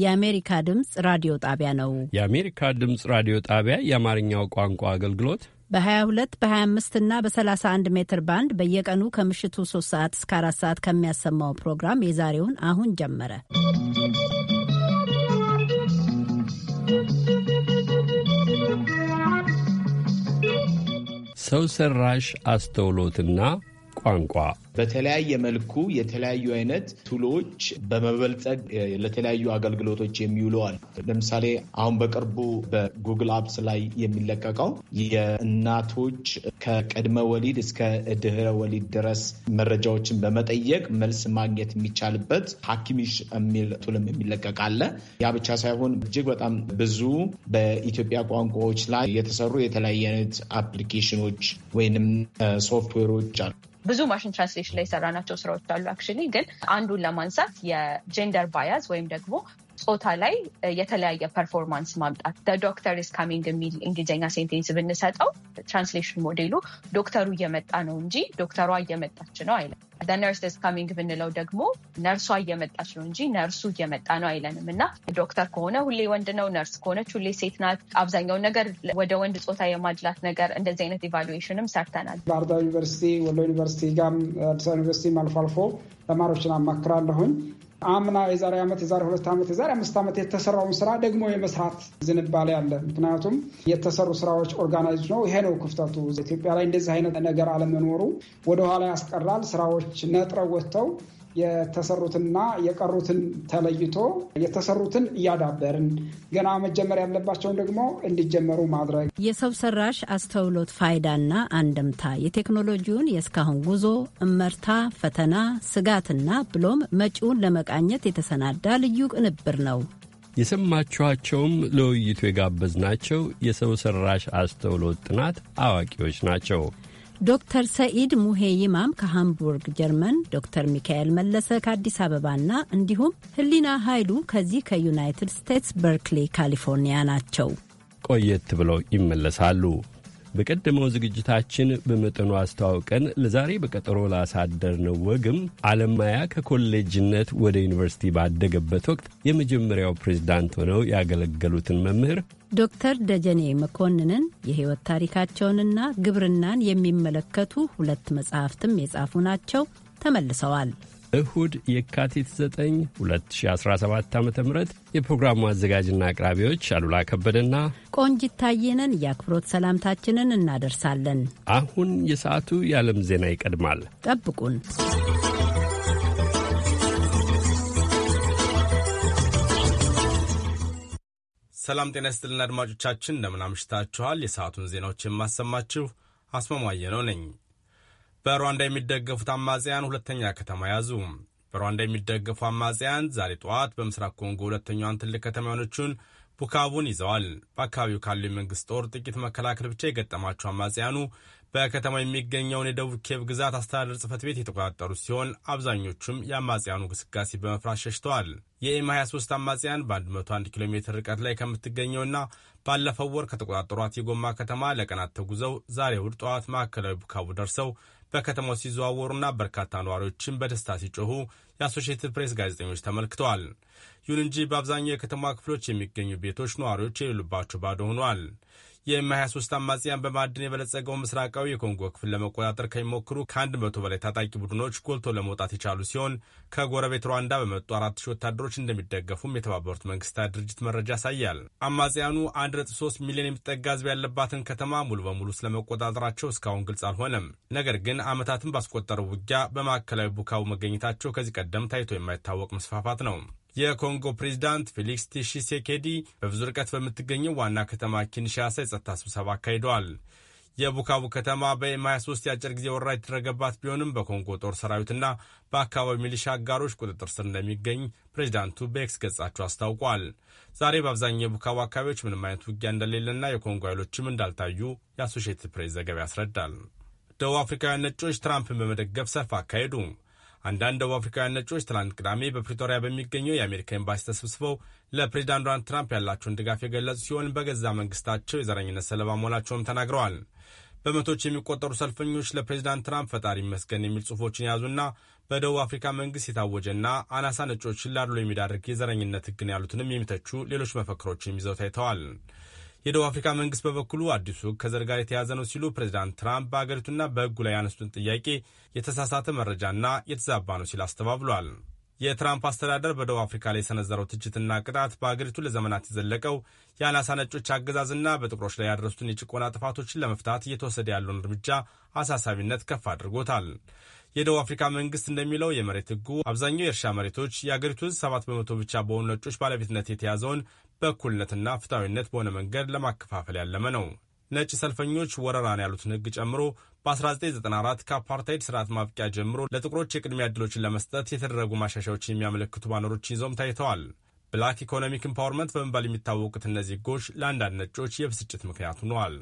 የአሜሪካ ድምፅ ራዲዮ ጣቢያ ነው። የአሜሪካ ድምፅ ራዲዮ ጣቢያ የአማርኛው ቋንቋ አገልግሎት በ22 በ25 እና በ31 ሜትር ባንድ በየቀኑ ከምሽቱ 3 ሰዓት እስከ 4 ሰዓት ከሚያሰማው ፕሮግራም የዛሬውን አሁን ጀመረ። ሰው ሰራሽ አስተውሎትና ቋንቋ በተለያየ መልኩ የተለያዩ አይነት ቱሎች በመበልጸግ ለተለያዩ አገልግሎቶች የሚውለዋል። ለምሳሌ አሁን በቅርቡ በጉግል አፕስ ላይ የሚለቀቀው የእናቶች ከቅድመ ወሊድ እስከ ድህረ ወሊድ ድረስ መረጃዎችን በመጠየቅ መልስ ማግኘት የሚቻልበት ሐኪሚሽ የሚል ቱልም የሚለቀቅ አለ። ያ ብቻ ሳይሆን እጅግ በጣም ብዙ በኢትዮጵያ ቋንቋዎች ላይ የተሰሩ የተለያዩ አይነት አፕሊኬሽኖች ወይንም ሶፍትዌሮች አሉ። ብዙ ማሽን ትራንስሌሽን ላይ የሰራናቸው ስራዎች አሉ። አክቹዋሊ ግን አንዱን ለማንሳት የጀንደር ባያዝ ወይም ደግሞ ጾታ ላይ የተለያየ ፐርፎርማንስ ማምጣት ዶክተር ኢዝ ካሚንግ የሚል እንግሊዝኛ ሴንቴንስ ብንሰጠው ትራንስሌሽን ሞዴሉ ዶክተሩ እየመጣ ነው እንጂ ዶክተሯ እየመጣች ነው አይለም። ነርስ ኢዝ ካሚንግ ብንለው ደግሞ ነርሷ እየመጣች ነው እንጂ ነርሱ እየመጣ ነው አይለንም። እና ዶክተር ከሆነ ሁሌ ወንድ ነው፣ ነርስ ከሆነች ሁሌ ሴት ናት። አብዛኛውን ነገር ወደ ወንድ ጾታ የማድላት ነገር እንደዚህ አይነት ኢቫሉዌሽንም ሰርተናል። ባህርዳር ዩኒቨርሲቲ፣ ወሎ ዩኒቨርሲቲ ጋም አዲስ ዩኒቨርሲቲ አልፎ አልፎ ተማሪዎችን አማክራለሁኝ። አምና የዛሬ ዓመት የዛሬ ሁለት ዓመት የዛሬ አምስት ዓመት የተሰራውን ስራ ደግሞ የመስራት ዝንባሌ አለ። ምክንያቱም የተሰሩ ስራዎች ኦርጋናይዝ ነው። ይሄ ነው ክፍተቱ። ኢትዮጵያ ላይ እንደዚህ አይነት ነገር አለመኖሩ ወደኋላ ያስቀራል። ስራዎች ነጥረው ወጥተው የተሰሩትና የቀሩትን ተለይቶ የተሰሩትን እያዳበርን ገና መጀመር ያለባቸውን ደግሞ እንዲጀመሩ ማድረግ የሰው ሰራሽ አስተውሎት ፋይዳና አንድምታ የቴክኖሎጂውን የእስካሁን ጉዞ እመርታ፣ ፈተና፣ ስጋትና ብሎም መጪውን ለመቃኘት የተሰናዳ ልዩ ቅንብር ነው። የሰማችኋቸውም ለውይይቱ የጋበዝናቸው የሰው ሰራሽ አስተውሎት ጥናት አዋቂዎች ናቸው። ዶክተር ሰኢድ ሙሄ ይማም ከሃምቡርግ ጀርመን፣ ዶክተር ሚካኤል መለሰ ከአዲስ አበባና እንዲሁም ህሊና ኃይሉ ከዚህ ከዩናይትድ ስቴትስ በርክሌ ካሊፎርኒያ ናቸው። ቆየት ብለው ይመለሳሉ። በቀደመው ዝግጅታችን በመጠኑ አስተዋውቀን ለዛሬ በቀጠሮ ላሳደር ነው ወግም አለማያ ከኮሌጅነት ወደ ዩኒቨርሲቲ ባደገበት ወቅት የመጀመሪያው ፕሬዝዳንት ሆነው ያገለገሉትን መምህር ዶክተር ደጀኔ መኮንንን የሕይወት ታሪካቸውንና ግብርናን የሚመለከቱ ሁለት መጽሐፍትም የጻፉ ናቸው። ተመልሰዋል። እሁድ የካቲት 9 2017 ዓ ም የፕሮግራሙ አዘጋጅና አቅራቢዎች አሉላ ከበደና ቆንጂት ታየነን የአክብሮት ሰላምታችንን እናደርሳለን። አሁን የሰዓቱ የዓለም ዜና ይቀድማል። ጠብቁን። ሰላም ጤና ይስጥልን አድማጮቻችን፣ እንደምን አምሽታችኋል? የሰዓቱን ዜናዎች የማሰማችሁ አስማማየ ነው ነኝ። በሩዋንዳ የሚደገፉት አማጽያን ሁለተኛ ከተማ ያዙ። በሩዋንዳ የሚደገፉ አማጽያን ዛሬ ጠዋት በምስራቅ ኮንጎ ሁለተኛዋን ትልቅ ከተማ የሆነችውን ቡካቡን ይዘዋል። በአካባቢው ካሉ የመንግሥት ጦር ጥቂት መከላከል ብቻ የገጠማቸው አማጽያኑ በከተማው የሚገኘውን የደቡብ ኬብ ግዛት አስተዳደር ጽህፈት ቤት የተቆጣጠሩ ሲሆን አብዛኞቹም የአማጽያኑ እንቅስቃሴ በመፍራት ሸሽተዋል። የኤም 23 አማጽያን በ101 ኪሎ ሜትር ርቀት ላይ ከምትገኘውና ባለፈው ወር ከተቆጣጠሯት የጎማ ከተማ ለቀናት ተጉዘው ዛሬ እሁድ ጠዋት ማዕከላዊ ቡካቡ ደርሰው በከተማው ሲዘዋወሩና በርካታ ነዋሪዎችን በደስታ ሲጮሁ የአሶሺየትድ ፕሬስ ጋዜጠኞች ተመልክተዋል። ይሁን እንጂ በአብዛኛው የከተማ ክፍሎች የሚገኙ ቤቶች ነዋሪዎች የሌሉባቸው ባዶ ሆኗል። የኤም 23 አማጽያን በማዕድን የበለጸገው ምስራቃዊ የኮንጎ ክፍል ለመቆጣጠር ከሚሞክሩ ከአንድ መቶ በላይ ታጣቂ ቡድኖች ጎልቶ ለመውጣት የቻሉ ሲሆን ከጎረቤት ሩዋንዳ በመጡ አራት ሺህ ወታደሮች እንደሚደገፉም የተባበሩት መንግስታት ድርጅት መረጃ ያሳያል። አማጽያኑ 1.3 ሚሊዮን የሚጠጋ ህዝብ ያለባትን ከተማ ሙሉ በሙሉ ስለመቆጣጠራቸው እስካሁን ግልጽ አልሆነም። ነገር ግን ዓመታትን ባስቆጠረው ውጊያ በማዕከላዊ ቡካቡ መገኘታቸው ከዚህ ቀደም ታይቶ የማይታወቅ መስፋፋት ነው። የኮንጎ ፕሬዚዳንት ፌሊክስ ቲሺሴኬዲ በብዙ ርቀት በምትገኘው ዋና ከተማ ኪንሻሳ የጸጥታ ስብሰባ አካሂደዋል። የቡካቡ ከተማ በኤም 23 የአጭር ጊዜ ወረራ የተደረገባት ቢሆንም በኮንጎ ጦር ሰራዊትና በአካባቢ ሚሊሻ አጋሮች ቁጥጥር ስር እንደሚገኝ ፕሬዚዳንቱ በኤክስ ገጻቸው አስታውቋል። ዛሬ በአብዛኛው የቡካቡ አካባቢዎች ምንም አይነት ውጊያ እንደሌለና የኮንጎ ኃይሎችም እንዳልታዩ የአሶሽትድ ፕሬስ ዘገባ ያስረዳል። ደቡብ አፍሪካውያን ነጮች ትራምፕን በመደገፍ ሰልፍ አካሄዱ። አንዳንድ ደቡብ አፍሪካውያን ነጮች ትላንት ቅዳሜ በፕሪቶሪያ በሚገኘው የአሜሪካ ኤምባሲ ተሰብስበው ለፕሬዚዳንት ዶናልድ ትራምፕ ያላቸውን ድጋፍ የገለጹ ሲሆን በገዛ መንግስታቸው የዘረኝነት ሰለባ መሆናቸውም ተናግረዋል። በመቶች የሚቆጠሩ ሰልፈኞች ለፕሬዚዳንት ትራምፕ ፈጣሪ ይመስገን የሚል ጽሑፎችን የያዙና በደቡብ አፍሪካ መንግስት የታወጀና አናሳ ነጮች ላድሎ የሚዳርግ የዘረኝነት ህግን ያሉትንም የሚተቹ ሌሎች መፈክሮችን ይዘው ታይተዋል። የደቡብ አፍሪካ መንግስት በበኩሉ አዲሱ ህግ ከዘር ጋር የተያዘ ነው ሲሉ ፕሬዚዳንት ትራምፕ በሀገሪቱና በህጉ ላይ ያነሱትን ጥያቄ የተሳሳተ መረጃና የተዛባ ነው ሲል አስተባብሏል። የትራምፕ አስተዳደር በደቡብ አፍሪካ ላይ የሰነዘረው ትችትና ቅጣት በአገሪቱ ለዘመናት የዘለቀው የአናሳ ነጮች አገዛዝና በጥቁሮች ላይ ያደረሱትን የጭቆና ጥፋቶችን ለመፍታት እየተወሰደ ያለውን እርምጃ አሳሳቢነት ከፍ አድርጎታል። የደቡብ አፍሪካ መንግስት እንደሚለው የመሬት ህጉ አብዛኛው የእርሻ መሬቶች የአገሪቱ ህዝብ ሰባት በመቶ ብቻ በሆኑ ነጮች ባለቤትነት የተያዘውን በእኩልነትና ፍትሐዊነት በሆነ መንገድ ለማከፋፈል ያለመ ነው። ነጭ ሰልፈኞች ወረራን ያሉትን ህግ ጨምሮ በ1994 ከአፓርታይድ ስርዓት ማብቂያ ጀምሮ ለጥቁሮች የቅድሚያ ዕድሎችን ለመስጠት የተደረጉ ማሻሻዎችን የሚያመለክቱ ባነሮችን ይዘውም ታይተዋል። ብላክ ኢኮኖሚክ ኢምፓወርመንት በመባል የሚታወቁት እነዚህ ህጎች ለአንዳንድ ነጮች የብስጭት ምክንያት ሆነዋል።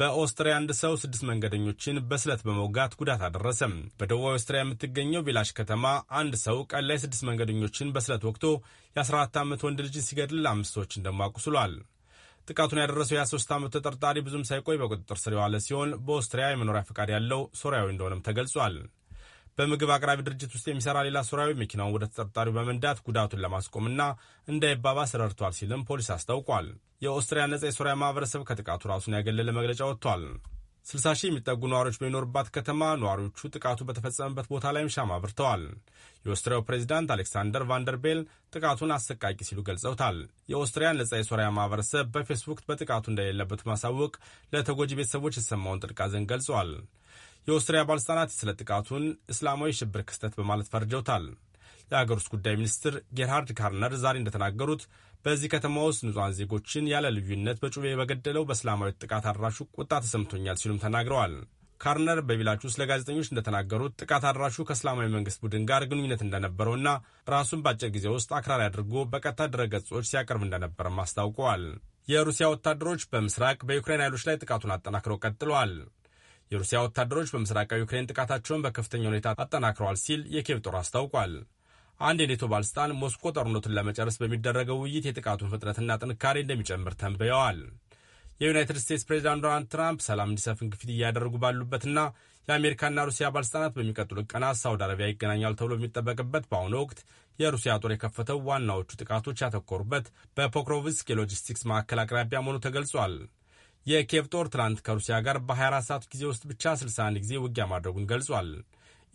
በኦስትሪያ አንድ ሰው ስድስት መንገደኞችን በስለት በመውጋት ጉዳት አደረሰም። በደቡብ ኦስትሪያ የምትገኘው ቪላሽ ከተማ አንድ ሰው ቀን ላይ ስድስት መንገደኞችን በስለት ወቅቶ የ14 ዓመት ወንድ ልጅን ሲገድል አምስት ሰዎች እንደማቁ ስሏል። ጥቃቱን ያደረሰው የ23 ዓመት ተጠርጣሪ ብዙም ሳይቆይ በቁጥጥር ስር የዋለ ሲሆን በኦስትሪያ የመኖሪያ ፈቃድ ያለው ሶሪያዊ እንደሆነም ተገልጿል። በምግብ አቅራቢ ድርጅት ውስጥ የሚሰራ ሌላ ሱሪያዊ መኪናውን ወደ ተጠርጣሪው በመንዳት ጉዳቱን ለማስቆምና እንዳይባባስ ረድቷል ሲልም ፖሊስ አስታውቋል። የኦስትሪያ ነጻ የሱሪያ ማህበረሰብ ከጥቃቱ ራሱን ያገለለ መግለጫ ወጥቷል። 60 ሺህ የሚጠጉ ነዋሪዎች በሚኖርባት ከተማ ነዋሪዎቹ ጥቃቱ በተፈጸመበት ቦታ ላይም ሻማ አብርተዋል። የኦስትሪያው ፕሬዚዳንት አሌክሳንደር ቫንደርቤል ጥቃቱን አሰቃቂ ሲሉ ገልጸውታል። የኦስትሪያ ነጻ የሶሪያ ማህበረሰብ በፌስቡክ በጥቃቱ እንደሌለበት ማሳወቅ ለተጎጂ ቤተሰቦች የተሰማውን ጥልቅ ሐዘን ገልጿል። የኦስትሪያ ባለሥልጣናት ስለ ጥቃቱን እስላማዊ ሽብር ክስተት በማለት ፈርጀውታል። የአገር ውስጥ ጉዳይ ሚኒስትር ጌርሃርድ ካርነር ዛሬ እንደተናገሩት በዚህ ከተማ ውስጥ ንጹሐን ዜጎችን ያለ ልዩነት በጩቤ በገደለው በእስላማዊ ጥቃት አድራሹ ቁጣ ተሰምቶኛል ሲሉም ተናግረዋል። ካርነር በቢላች ውስጥ ለጋዜጠኞች እንደተናገሩት ጥቃት አድራሹ ከእስላማዊ መንግስት ቡድን ጋር ግንኙነት እንደነበረውና ራሱን በአጭር ጊዜ ውስጥ አክራሪ አድርጎ በቀጥታ ድረገጾች ሲያቀርብ እንደነበረም አስታውቀዋል። የሩሲያ ወታደሮች በምስራቅ በዩክሬን ኃይሎች ላይ ጥቃቱን አጠናክረው ቀጥለዋል። የሩሲያ ወታደሮች በምስራቃዊ ዩክሬን ጥቃታቸውን በከፍተኛ ሁኔታ አጠናክረዋል ሲል የኪየቭ ጦር አስታውቋል። አንድ የኔቶ ባለሥልጣን ሞስኮ ጦርነቱን ለመጨረስ በሚደረገው ውይይት የጥቃቱን ፍጥነትና ጥንካሬ እንደሚጨምር ተንብየዋል። የዩናይትድ ስቴትስ ፕሬዚዳንት ዶናልድ ትራምፕ ሰላም እንዲሰፍን ግፊት እያደረጉ ባሉበትና የአሜሪካና ሩሲያ ባልስጣናት በሚቀጥሉ ቀናት ሳውዲ አረቢያ ይገናኛሉ ተብሎ በሚጠበቅበት በአሁኑ ወቅት የሩሲያ ጦር የከፈተው ዋናዎቹ ጥቃቶች ያተኮሩበት በፖክሮቭስክ የሎጂስቲክስ ማዕከል አቅራቢያ መሆኑ ተገልጿል። የኬፕቶር ጦር ትናንት ከሩሲያ ጋር በ24 ሰዓት ጊዜ ውስጥ ብቻ 61 ጊዜ ውጊያ ማድረጉን ገልጿል።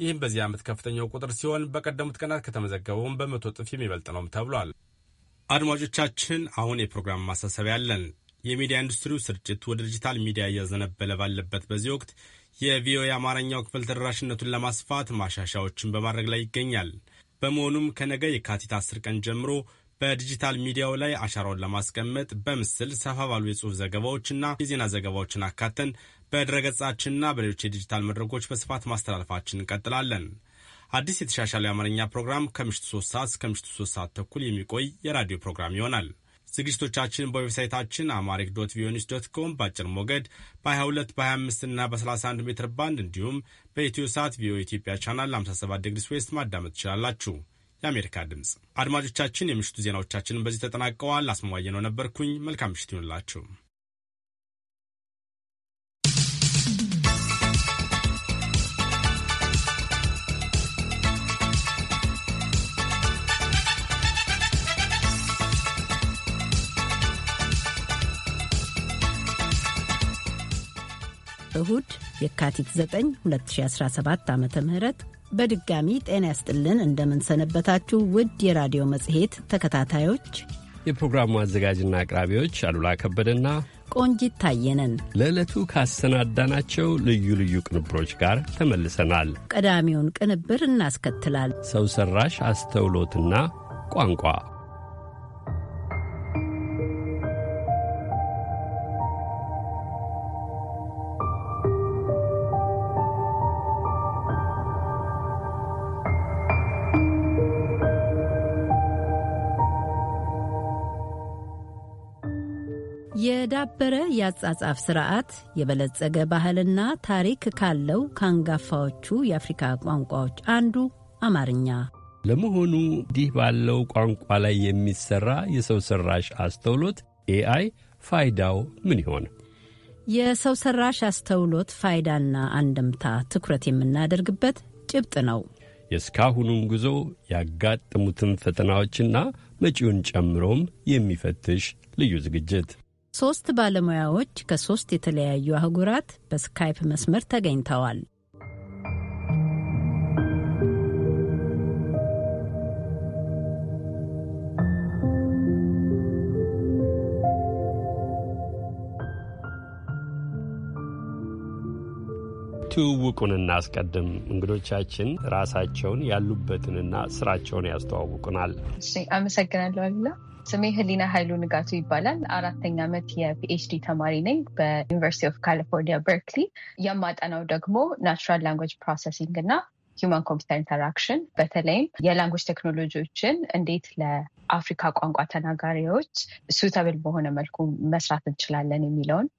ይህም በዚህ ዓመት ከፍተኛው ቁጥር ሲሆን በቀደሙት ቀናት ከተመዘገበውን በመቶ ጥፍ የሚበልጥ ነውም ተብሏል። አድማጮቻችን፣ አሁን የፕሮግራም ማሳሰቢያ አለን። የሚዲያ ኢንዱስትሪው ስርጭት ወደ ዲጂታል ሚዲያ እያዘነበለ ባለበት በዚህ ወቅት የቪኦኤ አማርኛው ክፍል ተደራሽነቱን ለማስፋት ማሻሻያዎችን በማድረግ ላይ ይገኛል። በመሆኑም ከነገ የካቲት 10 ቀን ጀምሮ በዲጂታል ሚዲያው ላይ አሻራውን ለማስቀመጥ በምስል ሰፋ ባሉ የጽሁፍ ዘገባዎችና የዜና ዘገባዎችን አካተን በድረገጻችንና በሌሎች የዲጂታል መድረኮች በስፋት ማስተላለፋችን እንቀጥላለን። አዲስ የተሻሻለ የአማርኛ ፕሮግራም ከምሽቱ 3 ሰዓት እስከ ምሽቱ 3 ሰዓት ተኩል የሚቆይ የራዲዮ ፕሮግራም ይሆናል። ዝግጅቶቻችን በዌብሳይታችን አማሪክ ዶት ቪኦኤ ዶት ኮም በአጭር ሞገድ በ22 በ25 እና በ31 ሜትር ባንድ እንዲሁም በኢትዮ ሳት ቪኦ ኢትዮጵያ ቻናል 57 ዲግሪ ስዌስት ማዳመጥ ትችላላችሁ። የአሜሪካ ድምፅ አድማጮቻችን፣ የምሽቱ ዜናዎቻችንን በዚህ ተጠናቀዋል። አስመዋየ ነው ነበርኩኝ። መልካም ምሽት ይሁንላችሁ። እሁድ የካቲት 9 2017 ዓ ም በድጋሚ ጤና ያስጥልን። እንደምንሰነበታችሁ ውድ የራዲዮ መጽሔት ተከታታዮች፣ የፕሮግራሙ አዘጋጅና አቅራቢዎች አሉላ ከበደና ቆንጂት ታየነን ለዕለቱ ካሰናዳናቸው ልዩ ልዩ ቅንብሮች ጋር ተመልሰናል። ቀዳሚውን ቅንብር እናስከትላል። ሰው ሰራሽ አስተውሎትና ቋንቋ የአጻጻፍ ስርዓት የበለጸገ ባህልና ታሪክ ካለው ከአንጋፋዎቹ የአፍሪካ ቋንቋዎች አንዱ አማርኛ። ለመሆኑ እንዲህ ባለው ቋንቋ ላይ የሚሰራ የሰው ሰራሽ አስተውሎት ኤአይ ፋይዳው ምን ይሆን? የሰው ሰራሽ አስተውሎት ፋይዳና አንድምታ ትኩረት የምናደርግበት ጭብጥ ነው። የእስካሁኑን ጉዞ ያጋጠሙትን ፈተናዎችና መጪውን ጨምሮም የሚፈትሽ ልዩ ዝግጅት ሶስት ባለሙያዎች ከሶስት የተለያዩ አህጉራት በስካይፕ መስመር ተገኝተዋል። ትውውቁንና አስቀድም እንግዶቻችን ራሳቸውን ያሉበትንና ስራቸውን ያስተዋውቁናል። አመሰግናለሁ አሉላ። ስሜ ህሊና ኃይሉ ንጋቱ ይባላል። አራተኛ ዓመት የፒኤችዲ ተማሪ ነኝ በዩኒቨርሲቲ ኦፍ ካሊፎርኒያ በርክሊ። የማጠናው ደግሞ ናቹራል ላንጉጅ ፕሮሰሲንግ እና ሂውማን ኮምፒውተር ኢንተራክሽን በተለይም የላንጉጅ ቴክኖሎጂዎችን እንዴት ለአፍሪካ ቋንቋ ተናጋሪዎች ሱተብል በሆነ መልኩ መስራት እንችላለን የሚለውን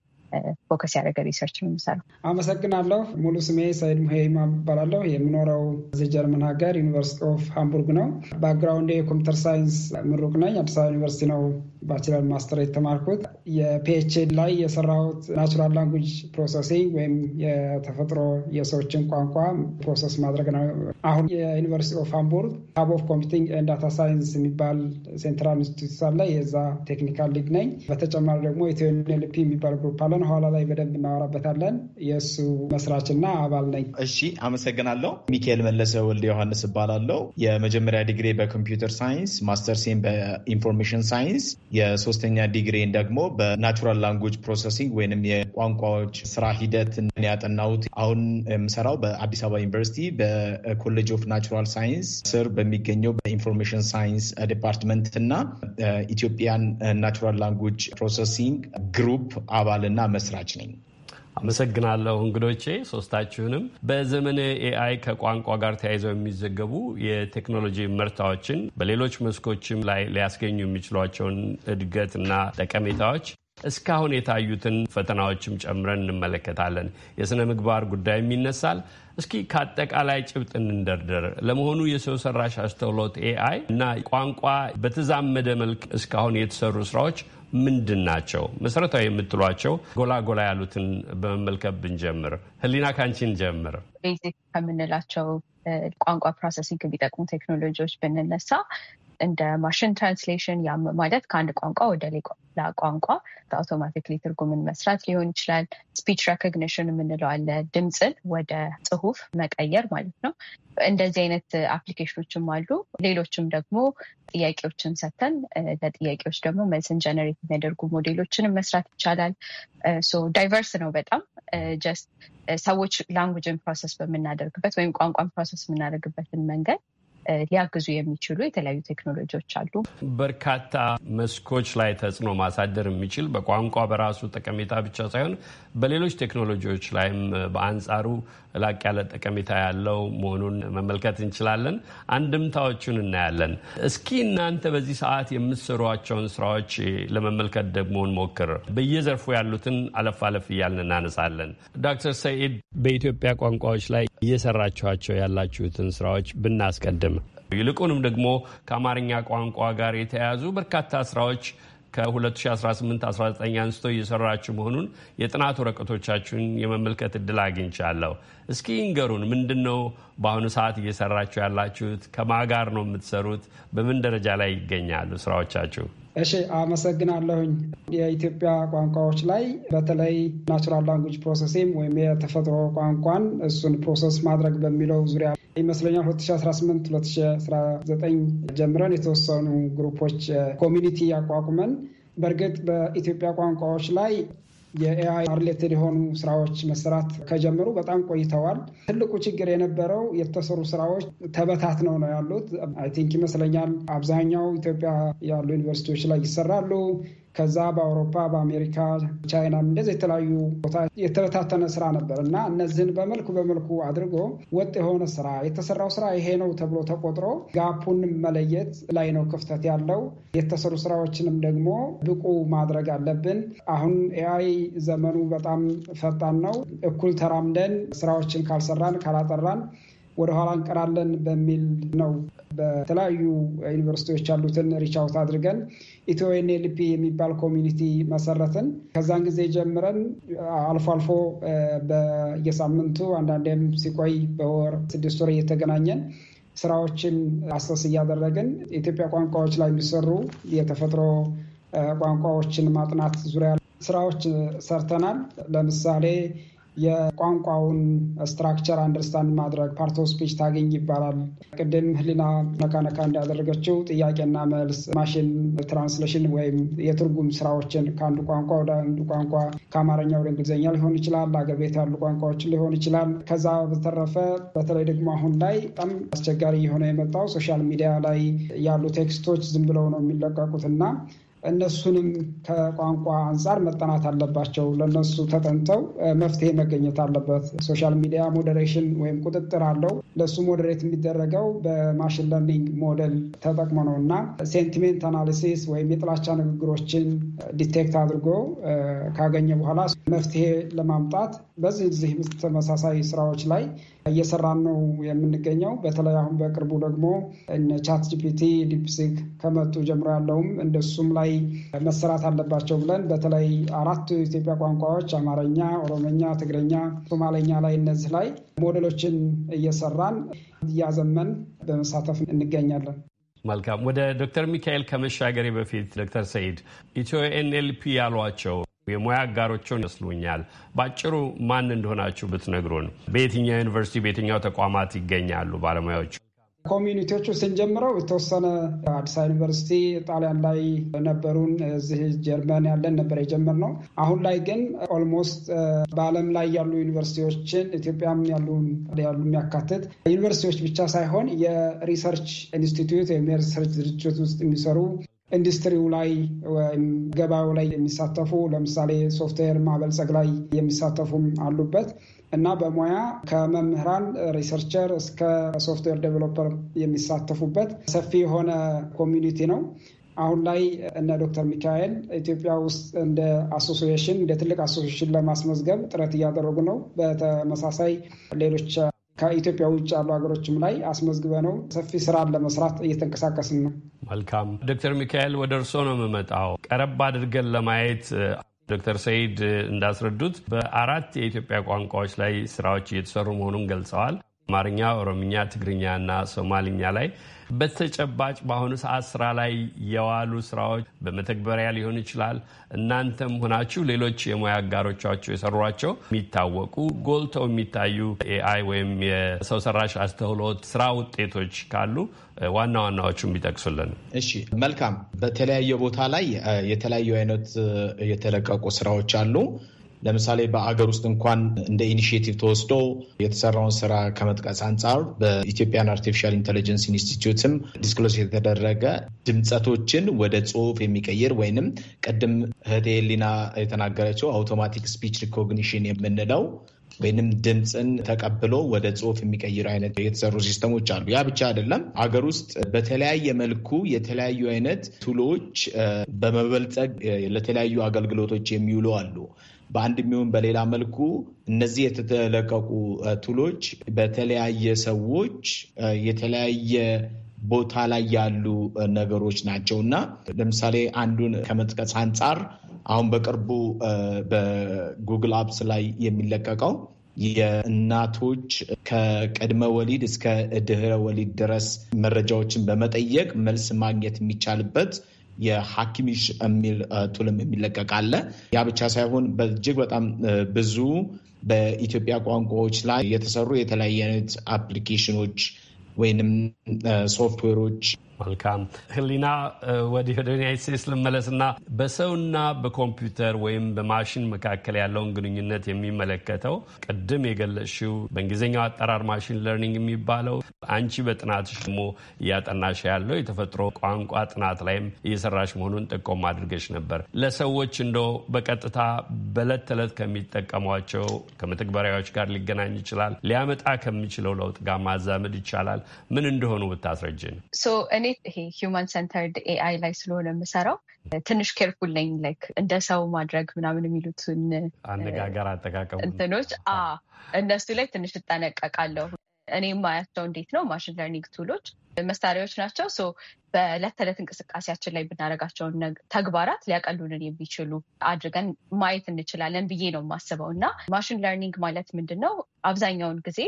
ፎከስ ያደረገ ሪሰርች ነው የምሰራው። አመሰግናለሁ። ሙሉ ስሜ ሰይድ ሙሄማ እባላለሁ። የምኖረው እዚህ ጀርመን ሀገር ዩኒቨርሲቲ ኦፍ ሃምቡርግ ነው። ባክግራውንድ የኮምፒውተር ሳይንስ ምሩቅ ነኝ። አዲስ አበባ ዩኒቨርሲቲ ነው ባችለር ማስተር የተማርኩት የፒኤችዲ ላይ የሰራሁት ናቹራል ላንጉጅ ፕሮሰሲንግ ወይም የተፈጥሮ የሰዎችን ቋንቋ ፕሮሰስ ማድረግ ነው። አሁን የዩኒቨርሲቲ ኦፍ ሃምቡርግ ሀብ ኦፍ ኮምፒቲንግ ኤንድ ዳታ ሳይንስ የሚባል ሴንትራል ኢንስቲትዩት አለ። የዛ ቴክኒካል ሊግ ነኝ። በተጨማሪ ደግሞ ኢትዮንልፒ የሚባል ግሩፕ አለን። ኋላ ላይ በደንብ እናወራበታለን። የእሱ መስራችና አባል ነኝ። እሺ፣ አመሰግናለሁ። ሚካኤል መለሰ ወልደ ዮሐንስ እባላለሁ። የመጀመሪያ ዲግሪ በኮምፒውተር ሳይንስ ማስተርሴን በኢንፎርሜሽን ሳይንስ የሶስተኛ ዲግሪን ደግሞ በናቹራል ላንጉጅ ፕሮሰሲንግ ወይንም የቋንቋዎች ስራ ሂደት ያጠናሁት። አሁን የምሰራው በአዲስ አበባ ዩኒቨርሲቲ በኮሌጅ ኦፍ ናቹራል ሳይንስ ስር በሚገኘው በኢንፎርሜሽን ሳይንስ ዲፓርትመንት እና ኢትዮጵያን ናቹራል ላንጉጅ ፕሮሰሲንግ ግሩፕ አባልና መስራች ነኝ። አመሰግናለሁ እንግዶቼ ሶስታችሁንም። በዘመነ ኤአይ ከቋንቋ ጋር ተያይዘው የሚዘገቡ የቴክኖሎጂ ምርታዎችን በሌሎች መስኮችም ላይ ሊያስገኙ የሚችሏቸውን እድገትና ጠቀሜታዎች እስካሁን የታዩትን ፈተናዎችም ጨምረን እንመለከታለን። የሥነ ምግባር ጉዳይም ይነሳል። እስኪ ከአጠቃላይ ጭብጥ እንደርደር። ለመሆኑ የሰው ሰራሽ አስተውሎት ኤአይ እና ቋንቋ በተዛመደ መልክ እስካሁን የተሰሩ ስራዎች ምንድን ናቸው መሰረታዊ የምትሏቸው? ጎላ ጎላ ያሉትን በመመልከት ብንጀምር፣ ህሊና ካንቺን ጀምር። ቤዚክ ከምንላቸው ቋንቋ ፕሮሰሲንግ የሚጠቅሙ ቴክኖሎጂዎች ብንነሳ እንደ ማሽን ትራንስሌሽን ማለት ከአንድ ቋንቋ ወደ ሌላ ቋንቋ በአውቶማቲክሊ ትርጉምን መስራት ሊሆን ይችላል። ስፒች ሬኮግኒሽን የምንለው አለ፣ ድምፅን ወደ ጽሁፍ መቀየር ማለት ነው። እንደዚህ አይነት አፕሊኬሽኖችም አሉ። ሌሎችም ደግሞ ጥያቄዎችን ሰጥተን ለጥያቄዎች ደግሞ መልስን ጀነሬት የሚያደርጉ ሞዴሎችንም መስራት ይቻላል። ዳይቨርስ ነው በጣም ጀስት ሰዎች ላንጉጅን ፕሮሰስ በምናደርግበት ወይም ቋንቋን ፕሮሰስ የምናደርግበትን መንገድ ሊያግዙ የሚችሉ የተለያዩ ቴክኖሎጂዎች አሉ። በርካታ መስኮች ላይ ተጽዕኖ ማሳደር የሚችል በቋንቋ በራሱ ጠቀሜታ ብቻ ሳይሆን በሌሎች ቴክኖሎጂዎች ላይም በአንጻሩ ላቅ ያለ ጠቀሜታ ያለው መሆኑን መመልከት እንችላለን። አንድምታዎቹን እናያለን። እስኪ እናንተ በዚህ ሰዓት የምትሰሯቸውን ስራዎች ለመመልከት ደግሞ እንሞክር። በየዘርፉ ያሉትን አለፍ አለፍ እያልን እናነሳለን። ዶክተር ሰኢድ በኢትዮጵያ ቋንቋዎች ላይ እየሰራችኋቸው ያላችሁትን ስራዎች ብናስቀድም ይልቁንም ደግሞ ከአማርኛ ቋንቋ ጋር የተያያዙ በርካታ ስራዎች ከ2018-19 አንስቶ እየሰራችሁ መሆኑን የጥናት ወረቀቶቻችሁን የመመልከት እድል አግኝቻለሁ። እስኪ ንገሩን፣ ምንድን ነው በአሁኑ ሰዓት እየሰራችሁ ያላችሁት? ከማጋር ጋር ነው የምትሰሩት? በምን ደረጃ ላይ ይገኛሉ ስራዎቻችሁ? እሺ አመሰግናለሁኝ። የኢትዮጵያ ቋንቋዎች ላይ በተለይ ናቹራል ላንጉጅ ፕሮሰሲንግ ወይም የተፈጥሮ ቋንቋን እሱን ፕሮሰስ ማድረግ በሚለው ዙሪያ ይመስለኛል 2018 2019 ጀምረን የተወሰኑ ግሩፖች ኮሚኒቲ ያቋቁመን በእርግጥ በኢትዮጵያ ቋንቋዎች ላይ የኤአይ ሪሌትድ የሆኑ ስራዎች መሰራት ከጀመሩ በጣም ቆይተዋል። ትልቁ ችግር የነበረው የተሰሩ ስራዎች ተበታትነው ነው ያሉት። አይ ቲንክ ይመስለኛል አብዛኛው ኢትዮጵያ ያሉ ዩኒቨርሲቲዎች ላይ ይሰራሉ። ከዛ በአውሮፓ በአሜሪካ ቻይና እንደዚህ የተለያዩ ቦታ የተበታተነ ስራ ነበር እና እነዚህን በመልኩ በመልኩ አድርጎ ወጥ የሆነ ስራ የተሰራው ስራ ይሄ ነው ተብሎ ተቆጥሮ ጋፑን መለየት ላይ ነው ክፍተት ያለው። የተሰሩ ስራዎችንም ደግሞ ብቁ ማድረግ አለብን። አሁን ኤአይ ዘመኑ በጣም ፈጣን ነው። እኩል ተራምደን ስራዎችን ካልሰራን ካላጠራን ወደኋላ እንቀራለን በሚል ነው በተለያዩ ዩኒቨርሲቲዎች ያሉትን ሪቻውት አድርገን ኢትዮ ኤንኤልፒ የሚባል ኮሚኒቲ መሰረትን። ከዛን ጊዜ ጀምረን አልፎ አልፎ በየሳምንቱ አንዳንዴም ሲቆይ በወር ስድስት ወር እየተገናኘን ስራዎችን አሰስ እያደረግን ኢትዮጵያ ቋንቋዎች ላይ የሚሰሩ የተፈጥሮ ቋንቋዎችን ማጥናት ዙሪያ ስራዎች ሰርተናል። ለምሳሌ የቋንቋውን ስትራክቸር አንደርስታንድ ማድረግ ፓርቶ ስፒች ታገኝ ይባላል። ቅድም ህሊና ነካነካ እንዳደረገችው ጥያቄና መልስ ማሽን ትራንስሌሽን ወይም የትርጉም ስራዎችን ከአንዱ ቋንቋ ወደ አንዱ ቋንቋ ከአማርኛ ወደ እንግሊዝኛ ሊሆን ይችላል፣ አገር ቤት ያሉ ቋንቋዎችን ሊሆን ይችላል። ከዛ በተረፈ በተለይ ደግሞ አሁን ላይ በጣም አስቸጋሪ የሆነ የመጣው ሶሻል ሚዲያ ላይ ያሉ ቴክስቶች ዝም ብለው ነው የሚለቀቁት እና እነሱንም ከቋንቋ አንጻር መጠናት አለባቸው። ለነሱ ተጠንተው መፍትሄ መገኘት አለበት። ሶሻል ሚዲያ ሞዴሬሽን ወይም ቁጥጥር አለው። ለሱ ሞዴሬት የሚደረገው በማሽን ለርኒንግ ሞዴል ተጠቅሞ ነው እና ሴንቲሜንት አናሊሲስ ወይም የጥላቻ ንግግሮችን ዲቴክት አድርጎ ካገኘ በኋላ መፍትሄ ለማምጣት በዚህ ተመሳሳይ ስራዎች ላይ እየሰራን ነው የምንገኘው። በተለይ አሁን በቅርቡ ደግሞ እነ ቻት ጂፒቲ ዲፕሲክ ከመጡ ጀምሮ ያለውም እንደሱም ላይ መሰራት አለባቸው ብለን በተለይ አራቱ የኢትዮጵያ ቋንቋዎች አማርኛ፣ ኦሮመኛ፣ ትግረኛ፣ ሶማሌኛ ላይ እነዚህ ላይ ሞዴሎችን እየሰራን እያዘመን በመሳተፍ እንገኛለን። መልካም። ወደ ዶክተር ሚካኤል ከመሻገሬ በፊት ዶክተር ሰይድ ኢትዮ ኤንኤልፒ ያሏቸው የሙያ አጋሮችን ይመስሉኛል። በአጭሩ ማን እንደሆናችሁ ብትነግሩን፣ በየትኛው ዩኒቨርሲቲ በየትኛው ተቋማት ይገኛሉ ባለሙያዎቹ? ኮሚኒቲዎቹ ስንጀምረው የተወሰነ አዲስ ዩኒቨርሲቲ ጣሊያን ላይ ነበሩን። እዚህ ጀርመን ያለን ነበር የጀመርነው። አሁን ላይ ግን ኦልሞስት በዓለም ላይ ያሉ ዩኒቨርሲቲዎችን ኢትዮጵያም ያሉ የሚያካትት ዩኒቨርሲቲዎች ብቻ ሳይሆን የሪሰርች ኢንስቲትዩት ወይም የሪሰርች ድርጅት ውስጥ የሚሰሩ ኢንዱስትሪው ላይ ወይም ገበያው ላይ የሚሳተፉ ለምሳሌ ሶፍትዌር ማበልጸግ ላይ የሚሳተፉም አሉበት እና በሙያ ከመምህራን ሪሰርቸር እስከ ሶፍትዌር ዴቨሎፐር የሚሳተፉበት ሰፊ የሆነ ኮሚኒቲ ነው። አሁን ላይ እነ ዶክተር ሚካኤል ኢትዮጵያ ውስጥ እንደ አሶሲዬሽን እንደ ትልቅ አሶሲዬሽን ለማስመዝገብ ጥረት እያደረጉ ነው። በተመሳሳይ ሌሎች ከኢትዮጵያ ውጭ ያሉ ሀገሮችም ላይ አስመዝግበ ነው ሰፊ ስራን ለመስራት እየተንቀሳቀስን ነው። መልካም ዶክተር ሚካኤል ወደ እርስዎ ነው የምመጣው። ቀረብ አድርገን ለማየት ዶክተር ሰይድ እንዳስረዱት በአራት የኢትዮጵያ ቋንቋዎች ላይ ስራዎች እየተሰሩ መሆኑን ገልጸዋል። አማርኛ፣ ኦሮምኛ፣ ትግርኛ እና ሶማልኛ ላይ በተጨባጭ በአሁኑ ሰዓት ስራ ላይ የዋሉ ስራዎች በመተግበሪያ ሊሆን ይችላል። እናንተም ሆናችሁ ሌሎች የሙያ አጋሮቻቸው የሰሯቸው የሚታወቁ ጎልተው የሚታዩ ኤአይ ወይም የሰው ሰራሽ አስተውሎት ስራ ውጤቶች ካሉ ዋና ዋናዎቹን ቢጠቅሱልን። እሺ፣ መልካም። በተለያየ ቦታ ላይ የተለያዩ አይነት የተለቀቁ ስራዎች አሉ። ለምሳሌ በአገር ውስጥ እንኳን እንደ ኢኒሽቲቭ ተወስዶ የተሰራውን ስራ ከመጥቀስ አንጻር በኢትዮጵያን አርቲፊሻል ኢንቴሊጀንስ ኢንስቲትዩትም ዲስክሎስ የተደረገ ድምፀቶችን ወደ ጽሁፍ የሚቀይር ወይንም ቅድም እህቴ ሊና የተናገረችው አውቶማቲክ ስፒች ሪኮግኒሽን የምንለው ወይንም ድምፅን ተቀብሎ ወደ ጽሁፍ የሚቀይሩ አይነት የተሰሩ ሲስተሞች አሉ። ያ ብቻ አይደለም። አገር ውስጥ በተለያየ መልኩ የተለያዩ አይነት ቱሎች በመበልጸግ ለተለያዩ አገልግሎቶች የሚውሉ አሉ። በአንድ የሚሆን በሌላ መልኩ እነዚህ የተለቀቁ ቱሎች በተለያየ ሰዎች የተለያየ ቦታ ላይ ያሉ ነገሮች ናቸው እና ለምሳሌ አንዱን ከመጥቀስ አንጻር አሁን በቅርቡ በጉግል አፕስ ላይ የሚለቀቀው የእናቶች ከቅድመ ወሊድ እስከ ድህረ ወሊድ ድረስ መረጃዎችን በመጠየቅ መልስ ማግኘት የሚቻልበት የሐኪሚሽ የሚል ቱልም የሚለቀቅ አለ። ያ ብቻ ሳይሆን በእጅግ በጣም ብዙ በኢትዮጵያ ቋንቋዎች ላይ የተሰሩ የተለያየ አይነት አፕሊኬሽኖች ወይንም ሶፍትዌሮች መልካም ህሊና፣ ወደ ዩናይት ስቴትስ ልመለስና በሰውና በኮምፒውተር ወይም በማሽን መካከል ያለውን ግንኙነት የሚመለከተው ቅድም የገለሽው በእንግሊዝኛው አጠራር ማሽን ለርኒንግ የሚባለው አንቺ በጥናትሽ ደግሞ እያጠናሽ ያለው የተፈጥሮ ቋንቋ ጥናት ላይም እየሰራሽ መሆኑን ጥቆም አድርገሽ ነበር። ለሰዎች እንደ በቀጥታ በእለት ተዕለት ከሚጠቀሟቸው ከመተግበሪያዎች ጋር ሊገናኝ ይችላል ሊያመጣ ከሚችለው ለውጥ ጋር ማዛመድ ይቻላል። ምን እንደሆኑ ብታስረጅን እኔ ይሄ ሂውማን ሰንተርድ ኤአይ ላይ ስለሆነ የምሰራው ትንሽ ኬርፉል ነኝ። ላይክ እንደ ሰው ማድረግ ምናምን የሚሉትን አነጋገር አጠቃቀሙ እንትኖች እነሱ ላይ ትንሽ እጠነቀቃለሁ። እኔ የማያቸው እንዴት ነው ማሽን ለርኒንግ ቱሎች መሳሪያዎች ናቸው። ሶ በዕለት ተዕለት እንቅስቃሴያችን ላይ ብናደርጋቸውን ተግባራት ሊያቀሉንን የሚችሉ አድርገን ማየት እንችላለን ብዬ ነው የማስበው። እና ማሽን ለርኒንግ ማለት ምንድን ነው? አብዛኛውን ጊዜ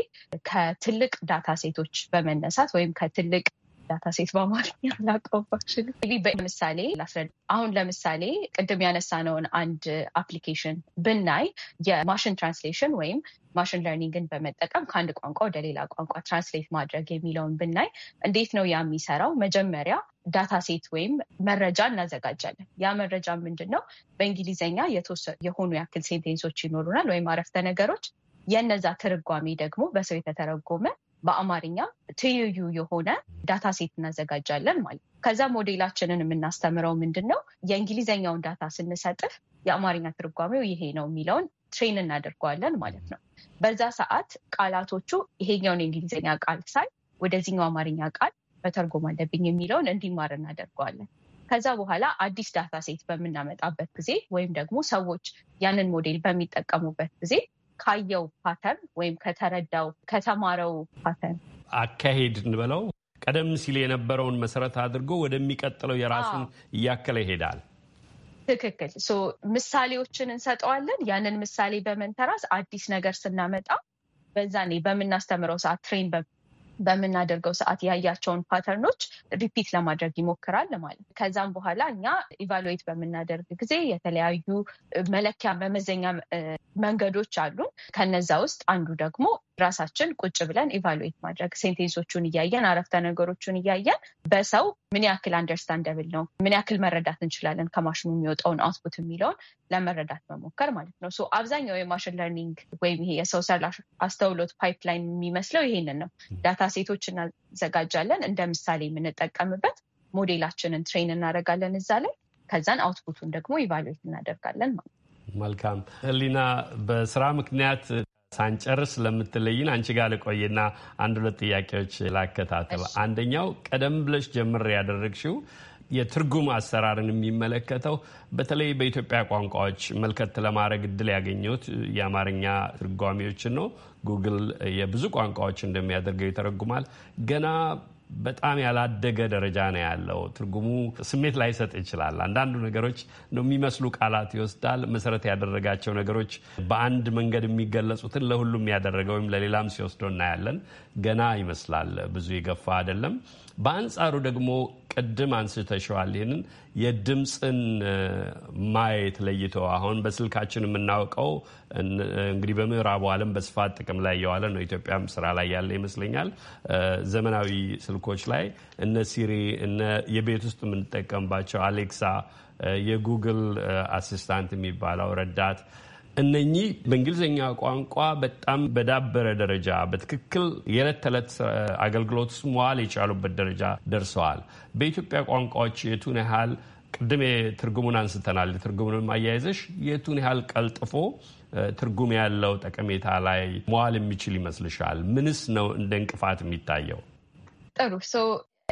ከትልቅ ዳታ ሴቶች በመነሳት ወይም ከትልቅ ዳታ ሴት በአማርኛ ላቀባችን ምሳሌ ላስረዳ። አሁን ለምሳሌ ቅድም ያነሳነውን አንድ አፕሊኬሽን ብናይ የማሽን ትራንስሌሽን ወይም ማሽን ለርኒንግን በመጠቀም ከአንድ ቋንቋ ወደ ሌላ ቋንቋ ትራንስሌት ማድረግ የሚለውን ብናይ እንዴት ነው ያ የሚሰራው? መጀመሪያ ዳታ ሴት ወይም መረጃ እናዘጋጃለን። ያ መረጃ ምንድን ነው? በእንግሊዝኛ የሆኑ ያክል ሴንቴንሶች ይኖሩናል ወይም አረፍተ ነገሮች የነዛ ትርጓሜ ደግሞ በሰው የተተረጎመ በአማርኛ ትይዩ የሆነ ዳታ ሴት እናዘጋጃለን ማለት ነው። ከዛ ሞዴላችንን የምናስተምረው ምንድን ነው? የእንግሊዝኛውን ዳታ ስንሰጥፍ የአማርኛ ትርጓሜው ይሄ ነው የሚለውን ትሬን እናደርገዋለን ማለት ነው። በዛ ሰዓት ቃላቶቹ ይሄኛውን የእንግሊዝኛ ቃል ሳይ ወደዚህኛው አማርኛ ቃል መተርጎም አለብኝ የሚለውን እንዲማር እናደርገዋለን። ከዛ በኋላ አዲስ ዳታ ሴት በምናመጣበት ጊዜ ወይም ደግሞ ሰዎች ያንን ሞዴል በሚጠቀሙበት ጊዜ ካየው ፓተርን ወይም ከተረዳው ከተማረው ፓተርን አካሄድ እንበለው ቀደም ሲል የነበረውን መሰረት አድርጎ ወደሚቀጥለው የራሱን እያከለ ይሄዳል። ትክክል። ምሳሌዎችን እንሰጠዋለን። ያንን ምሳሌ በመንተራስ አዲስ ነገር ስናመጣ በዛኔ በምናስተምረው ሰዓት ትሬን በምናደርገው ሰዓት ያያቸውን ፓተርኖች ሪፒት ለማድረግ ይሞክራል ማለት ነው። ከዛም በኋላ እኛ ኢቫሉዌት በምናደርግ ጊዜ የተለያዩ መለኪያ መመዘኛ መንገዶች አሉ። ከነዛ ውስጥ አንዱ ደግሞ ራሳችን ቁጭ ብለን ኢቫሉዌት ማድረግ ሴንቴንሶቹን እያየን አረፍተ ነገሮቹን እያየን በሰው ምን ያክል አንደርስታንደብል ነው፣ ምን ያክል መረዳት እንችላለን ከማሽኑ የሚወጣውን አውትፑት የሚለውን ለመረዳት መሞከር ማለት ነው። አብዛኛው የማሽን ለርኒንግ ወይም ይሄ የሰው ሰራሽ አስተውሎት ፓይፕላይን የሚመስለው ይሄንን ነው። ዳታ ሴቶች እናዘጋጃለን፣ እንደ ምሳሌ የምንጠቀምበት ሞዴላችንን ትሬን እናደርጋለን እዛ ላይ ከዛን አውትፑቱን ደግሞ ኢቫሉዌት እናደርጋለን ማለት ነው። መልካም ህሊና በስራ ምክንያት ሳንጨርስ ለምትለይን አንቺ ጋር ልቆይና አንድ ሁለት ጥያቄዎች ላከታተል። አንደኛው ቀደም ብለሽ ጀምር ያደረግሽው የትርጉም አሰራርን የሚመለከተው በተለይ በኢትዮጵያ ቋንቋዎች መልከት ለማድረግ እድል ያገኘሁት የአማርኛ ትርጓሚዎችን ነው። ጉግል የብዙ ቋንቋዎች እንደሚያደርገው ይተረጉማል። ገና በጣም ያላደገ ደረጃ ነው ያለው። ትርጉሙ ስሜት ላይሰጥ ይችላል። አንዳንዱ ነገሮች የሚመስሉ ቃላት ይወስዳል። መሰረት ያደረጋቸው ነገሮች በአንድ መንገድ የሚገለጹትን ለሁሉም ያደረገ ወይም ለሌላም ሲወስዶ እናያለን። ገና ይመስላል ብዙ የገፋ አይደለም። በአንጻሩ ደግሞ ቅድም አንስተሸዋል። ይህንን የድምፅን ማየት ለይቶ አሁን በስልካችን የምናውቀው እንግዲህ በምዕራቡ ዓለም በስፋት ጥቅም ላይ እየዋለ ነው። ኢትዮጵያም ስራ ላይ ያለ ይመስለኛል። ዘመናዊ ስልኮች ላይ እነ ሲሪ እነ የቤት ውስጥ የምንጠቀምባቸው አሌክሳ፣ የጉግል አሲስታንት የሚባለው ረዳት እነኚህ በእንግሊዝኛ ቋንቋ በጣም በዳበረ ደረጃ በትክክል የዕለት ተዕለት አገልግሎት መዋል የቻሉበት ደረጃ ደርሰዋል። በኢትዮጵያ ቋንቋዎች የቱን ያህል ቅድም ትርጉሙን አንስተናል። ትርጉሙንም አያይዘሽ የቱን ያህል ቀልጥፎ ትርጉም ያለው ጠቀሜታ ላይ መዋል የሚችል ይመስልሻል? ምንስ ነው እንደ እንቅፋት የሚታየው? ጥሩ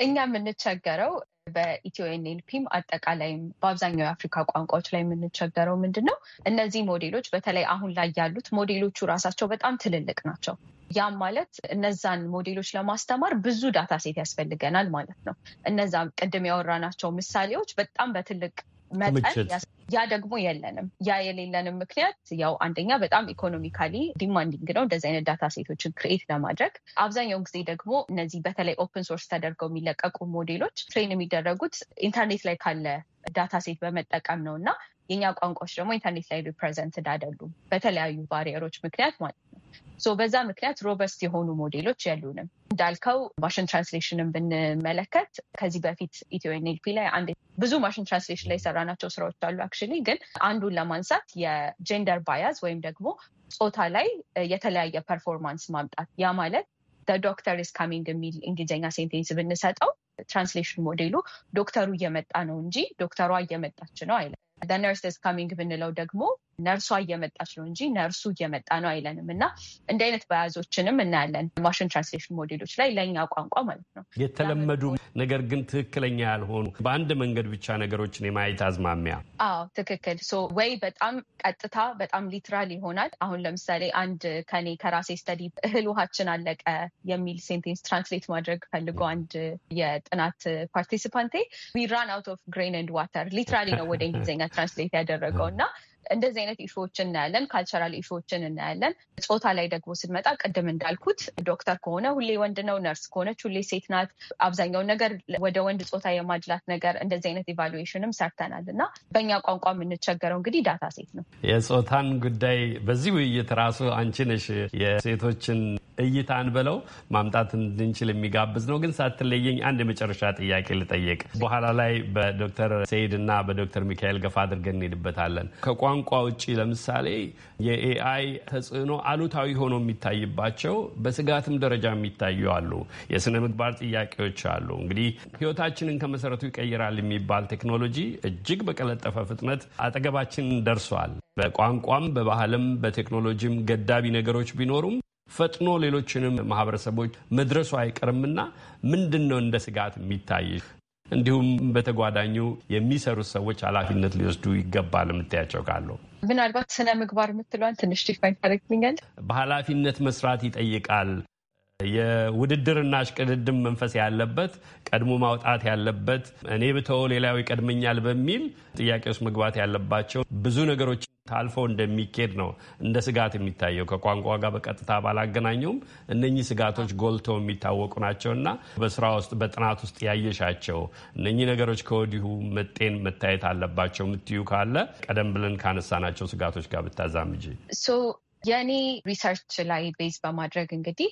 እኛ የምንቸገረው በኢትዮ ኤንኤልፒም አጠቃላይም በአብዛኛው የአፍሪካ ቋንቋዎች ላይ የምንቸገረው ምንድን ነው? እነዚህ ሞዴሎች በተለይ አሁን ላይ ያሉት ሞዴሎቹ ራሳቸው በጣም ትልልቅ ናቸው። ያም ማለት እነዛን ሞዴሎች ለማስተማር ብዙ ዳታ ሴት ያስፈልገናል ማለት ነው። እነዛ ቅድም ያወራናቸው ምሳሌዎች በጣም በትልቅ መጠን ያ ደግሞ የለንም። ያ የሌለንም ምክንያት ያው አንደኛ በጣም ኢኮኖሚካሊ ዲማንዲንግ ነው እንደዚህ አይነት ዳታ ሴቶችን ክሬኤት ለማድረግ አብዛኛውን ጊዜ ደግሞ እነዚህ በተለይ ኦፕን ሶርስ ተደርገው የሚለቀቁ ሞዴሎች ትሬን የሚደረጉት ኢንተርኔት ላይ ካለ ዳታ ሴት በመጠቀም ነው እና የኛ ቋንቋዎች ደግሞ ኢንተርኔት ላይ ሪፕሬዘንትድ አይደሉም በተለያዩ ባሪየሮች ምክንያት ማለት ነው። በዛ ምክንያት ሮበስት የሆኑ ሞዴሎች ያሉንም እንዳልከው ማሽን ትራንስሌሽንን ብንመለከት ከዚህ በፊት ኢትዮ ኤንኤልፒ ላይ አንድ ብዙ ማሽን ትራንስሌሽን ላይ የሰራናቸው ስራዎች አሉ። አክቹዋሊ ግን አንዱን ለማንሳት የጀንደር ባያዝ ወይም ደግሞ ጾታ ላይ የተለያየ ፐርፎርማንስ ማምጣት ያ ማለት ዶክተር ኢስ ካሚንግ የሚል እንግሊዝኛ ሴንቴንስ ብንሰጠው ትራንስሌሽን ሞዴሉ ዶክተሩ እየመጣ ነው እንጂ ዶክተሯ እየመጣች ነው አይለ ነርስ ኢስ ካሚንግ ብንለው ደግሞ ነርሷ እየመጣች ነው እንጂ ነርሱ እየመጣ ነው አይለንም እና እንደ አይነት በያዞችንም እናያለን ማሽን ትራንስሌሽን ሞዴሎች ላይ ለእኛ ቋንቋ ማለት ነው። የተለመዱ ነገር ግን ትክክለኛ ያልሆኑ በአንድ መንገድ ብቻ ነገሮችን የማየት አዝማሚያ። አዎ ትክክል። ወይ በጣም ቀጥታ በጣም ሊትራል ይሆናል። አሁን ለምሳሌ አንድ ከኔ ከራሴ ስተዲ እህል ውሃችን አለቀ የሚል ሴንቴንስ ትራንስሌት ማድረግ ፈልጎ አንድ የጥናት ፓርቲሲፓንቴ ዊ ራን አውት ኦፍ ግሬን ኤንድ ዋተር ሊትራሊ ነው ወደ እንግሊዝኛ ትራንስሌት ያደረገው እና እንደዚህ አይነት ኢሹዎች እናያለን። ካልቸራል ኢሹዎችን እናያለን። ጾታ ላይ ደግሞ ስንመጣ ቅድም እንዳልኩት ዶክተር ከሆነ ሁሌ ወንድ ነው፣ ነርስ ከሆነች ሁሌ ሴት ናት። አብዛኛውን ነገር ወደ ወንድ ጾታ የማድላት ነገር እንደዚህ አይነት ኢቫሉዌሽንም ሰርተናል እና በእኛ ቋንቋ የምንቸገረው እንግዲህ ዳታ ሴት ነው። የጾታን ጉዳይ በዚህ ውይይት ራሱ አንቺ ነሽ የሴቶችን እይታን ብለው ማምጣት እንድንችል የሚጋብዝ ነው። ግን ሳትለየኝ አንድ የመጨረሻ ጥያቄ ልጠየቅ። በኋላ ላይ በዶክተር ሰይድ እና በዶክተር ሚካኤል ገፋ አድርገን እንሄድበታለን። ከቋንቋ ውጭ ለምሳሌ የኤአይ ተጽዕኖ አሉታዊ ሆኖ የሚታይባቸው በስጋትም ደረጃ የሚታዩ አሉ። የስነ ምግባር ጥያቄዎች አሉ። እንግዲህ ሕይወታችንን ከመሰረቱ ይቀይራል የሚባል ቴክኖሎጂ እጅግ በቀለጠፈ ፍጥነት አጠገባችን ደርሷል። በቋንቋም፣ በባህልም፣ በቴክኖሎጂም ገዳቢ ነገሮች ቢኖሩም ፈጥኖ ሌሎችንም ማህበረሰቦች መድረሱ አይቀርምና ምንድን ነው እንደ ስጋት የሚታይ እንዲሁም በተጓዳኙ የሚሰሩት ሰዎች ኃላፊነት ሊወስዱ ይገባል የምታያቸው ካለው ምናልባት ስነ ምግባር የምትለን ትንሽ ዲፋይን ታደርግልኛል? በኃላፊነት መስራት ይጠይቃል የውድድርና እሽቅድድም መንፈስ ያለበት ቀድሞ ማውጣት ያለበት እኔ ብተው ሌላው ይቀድመኛል በሚል ጥያቄ ውስጥ መግባት ያለባቸው ብዙ ነገሮች ታልፎ እንደሚኬድ ነው እንደ ስጋት የሚታየው። ከቋንቋ ጋር በቀጥታ ባላገናኘውም እነኚህ ስጋቶች ጎልተው የሚታወቁ ናቸው እና በስራ ውስጥ በጥናት ውስጥ ያየሻቸው እነኚህ ነገሮች ከወዲሁ መጤን መታየት አለባቸው የምትዩ ካለ ቀደም ብለን ካነሳናቸው ስጋቶች ጋር ብታዛምጅ የእኔ ሪሰርች ላይ ቤዝ በማድረግ እንግዲህ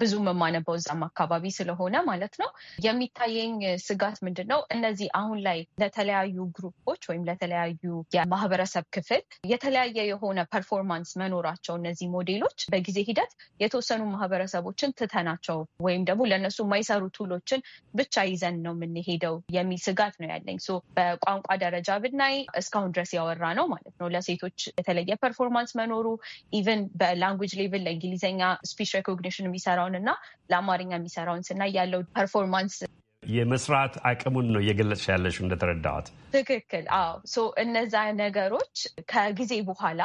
ብዙ የማነበው እዛም አካባቢ ስለሆነ ማለት ነው። የሚታየኝ ስጋት ምንድን ነው? እነዚህ አሁን ላይ ለተለያዩ ግሩፖች ወይም ለተለያዩ የማህበረሰብ ክፍል የተለያየ የሆነ ፐርፎርማንስ መኖራቸው እነዚህ ሞዴሎች በጊዜ ሂደት የተወሰኑ ማህበረሰቦችን ትተናቸው ወይም ደግሞ ለእነሱ የማይሰሩ ቱሎችን ብቻ ይዘን ነው የምንሄደው የሚል ስጋት ነው ያለኝ። በቋንቋ ደረጃ ብናይ እስካሁን ድረስ ያወራ ነው ማለት ነው ለሴቶች የተለየ ፐርፎርማንስ መኖሩ ኢቨን በላንጉጅ ሌቭል ለእንግሊዝኛ ስፒች ሬኮግኒሽን የሚሰራ የሚሰራውን እና ለአማርኛ የሚሰራውን ስናይ ያለው ፐርፎርማንስ የመስራት አቅሙን ነው እየገለጽሽ ያለሽ እንደተረዳኋት። ትክክል። አዎ። እነዛ ነገሮች ከጊዜ በኋላ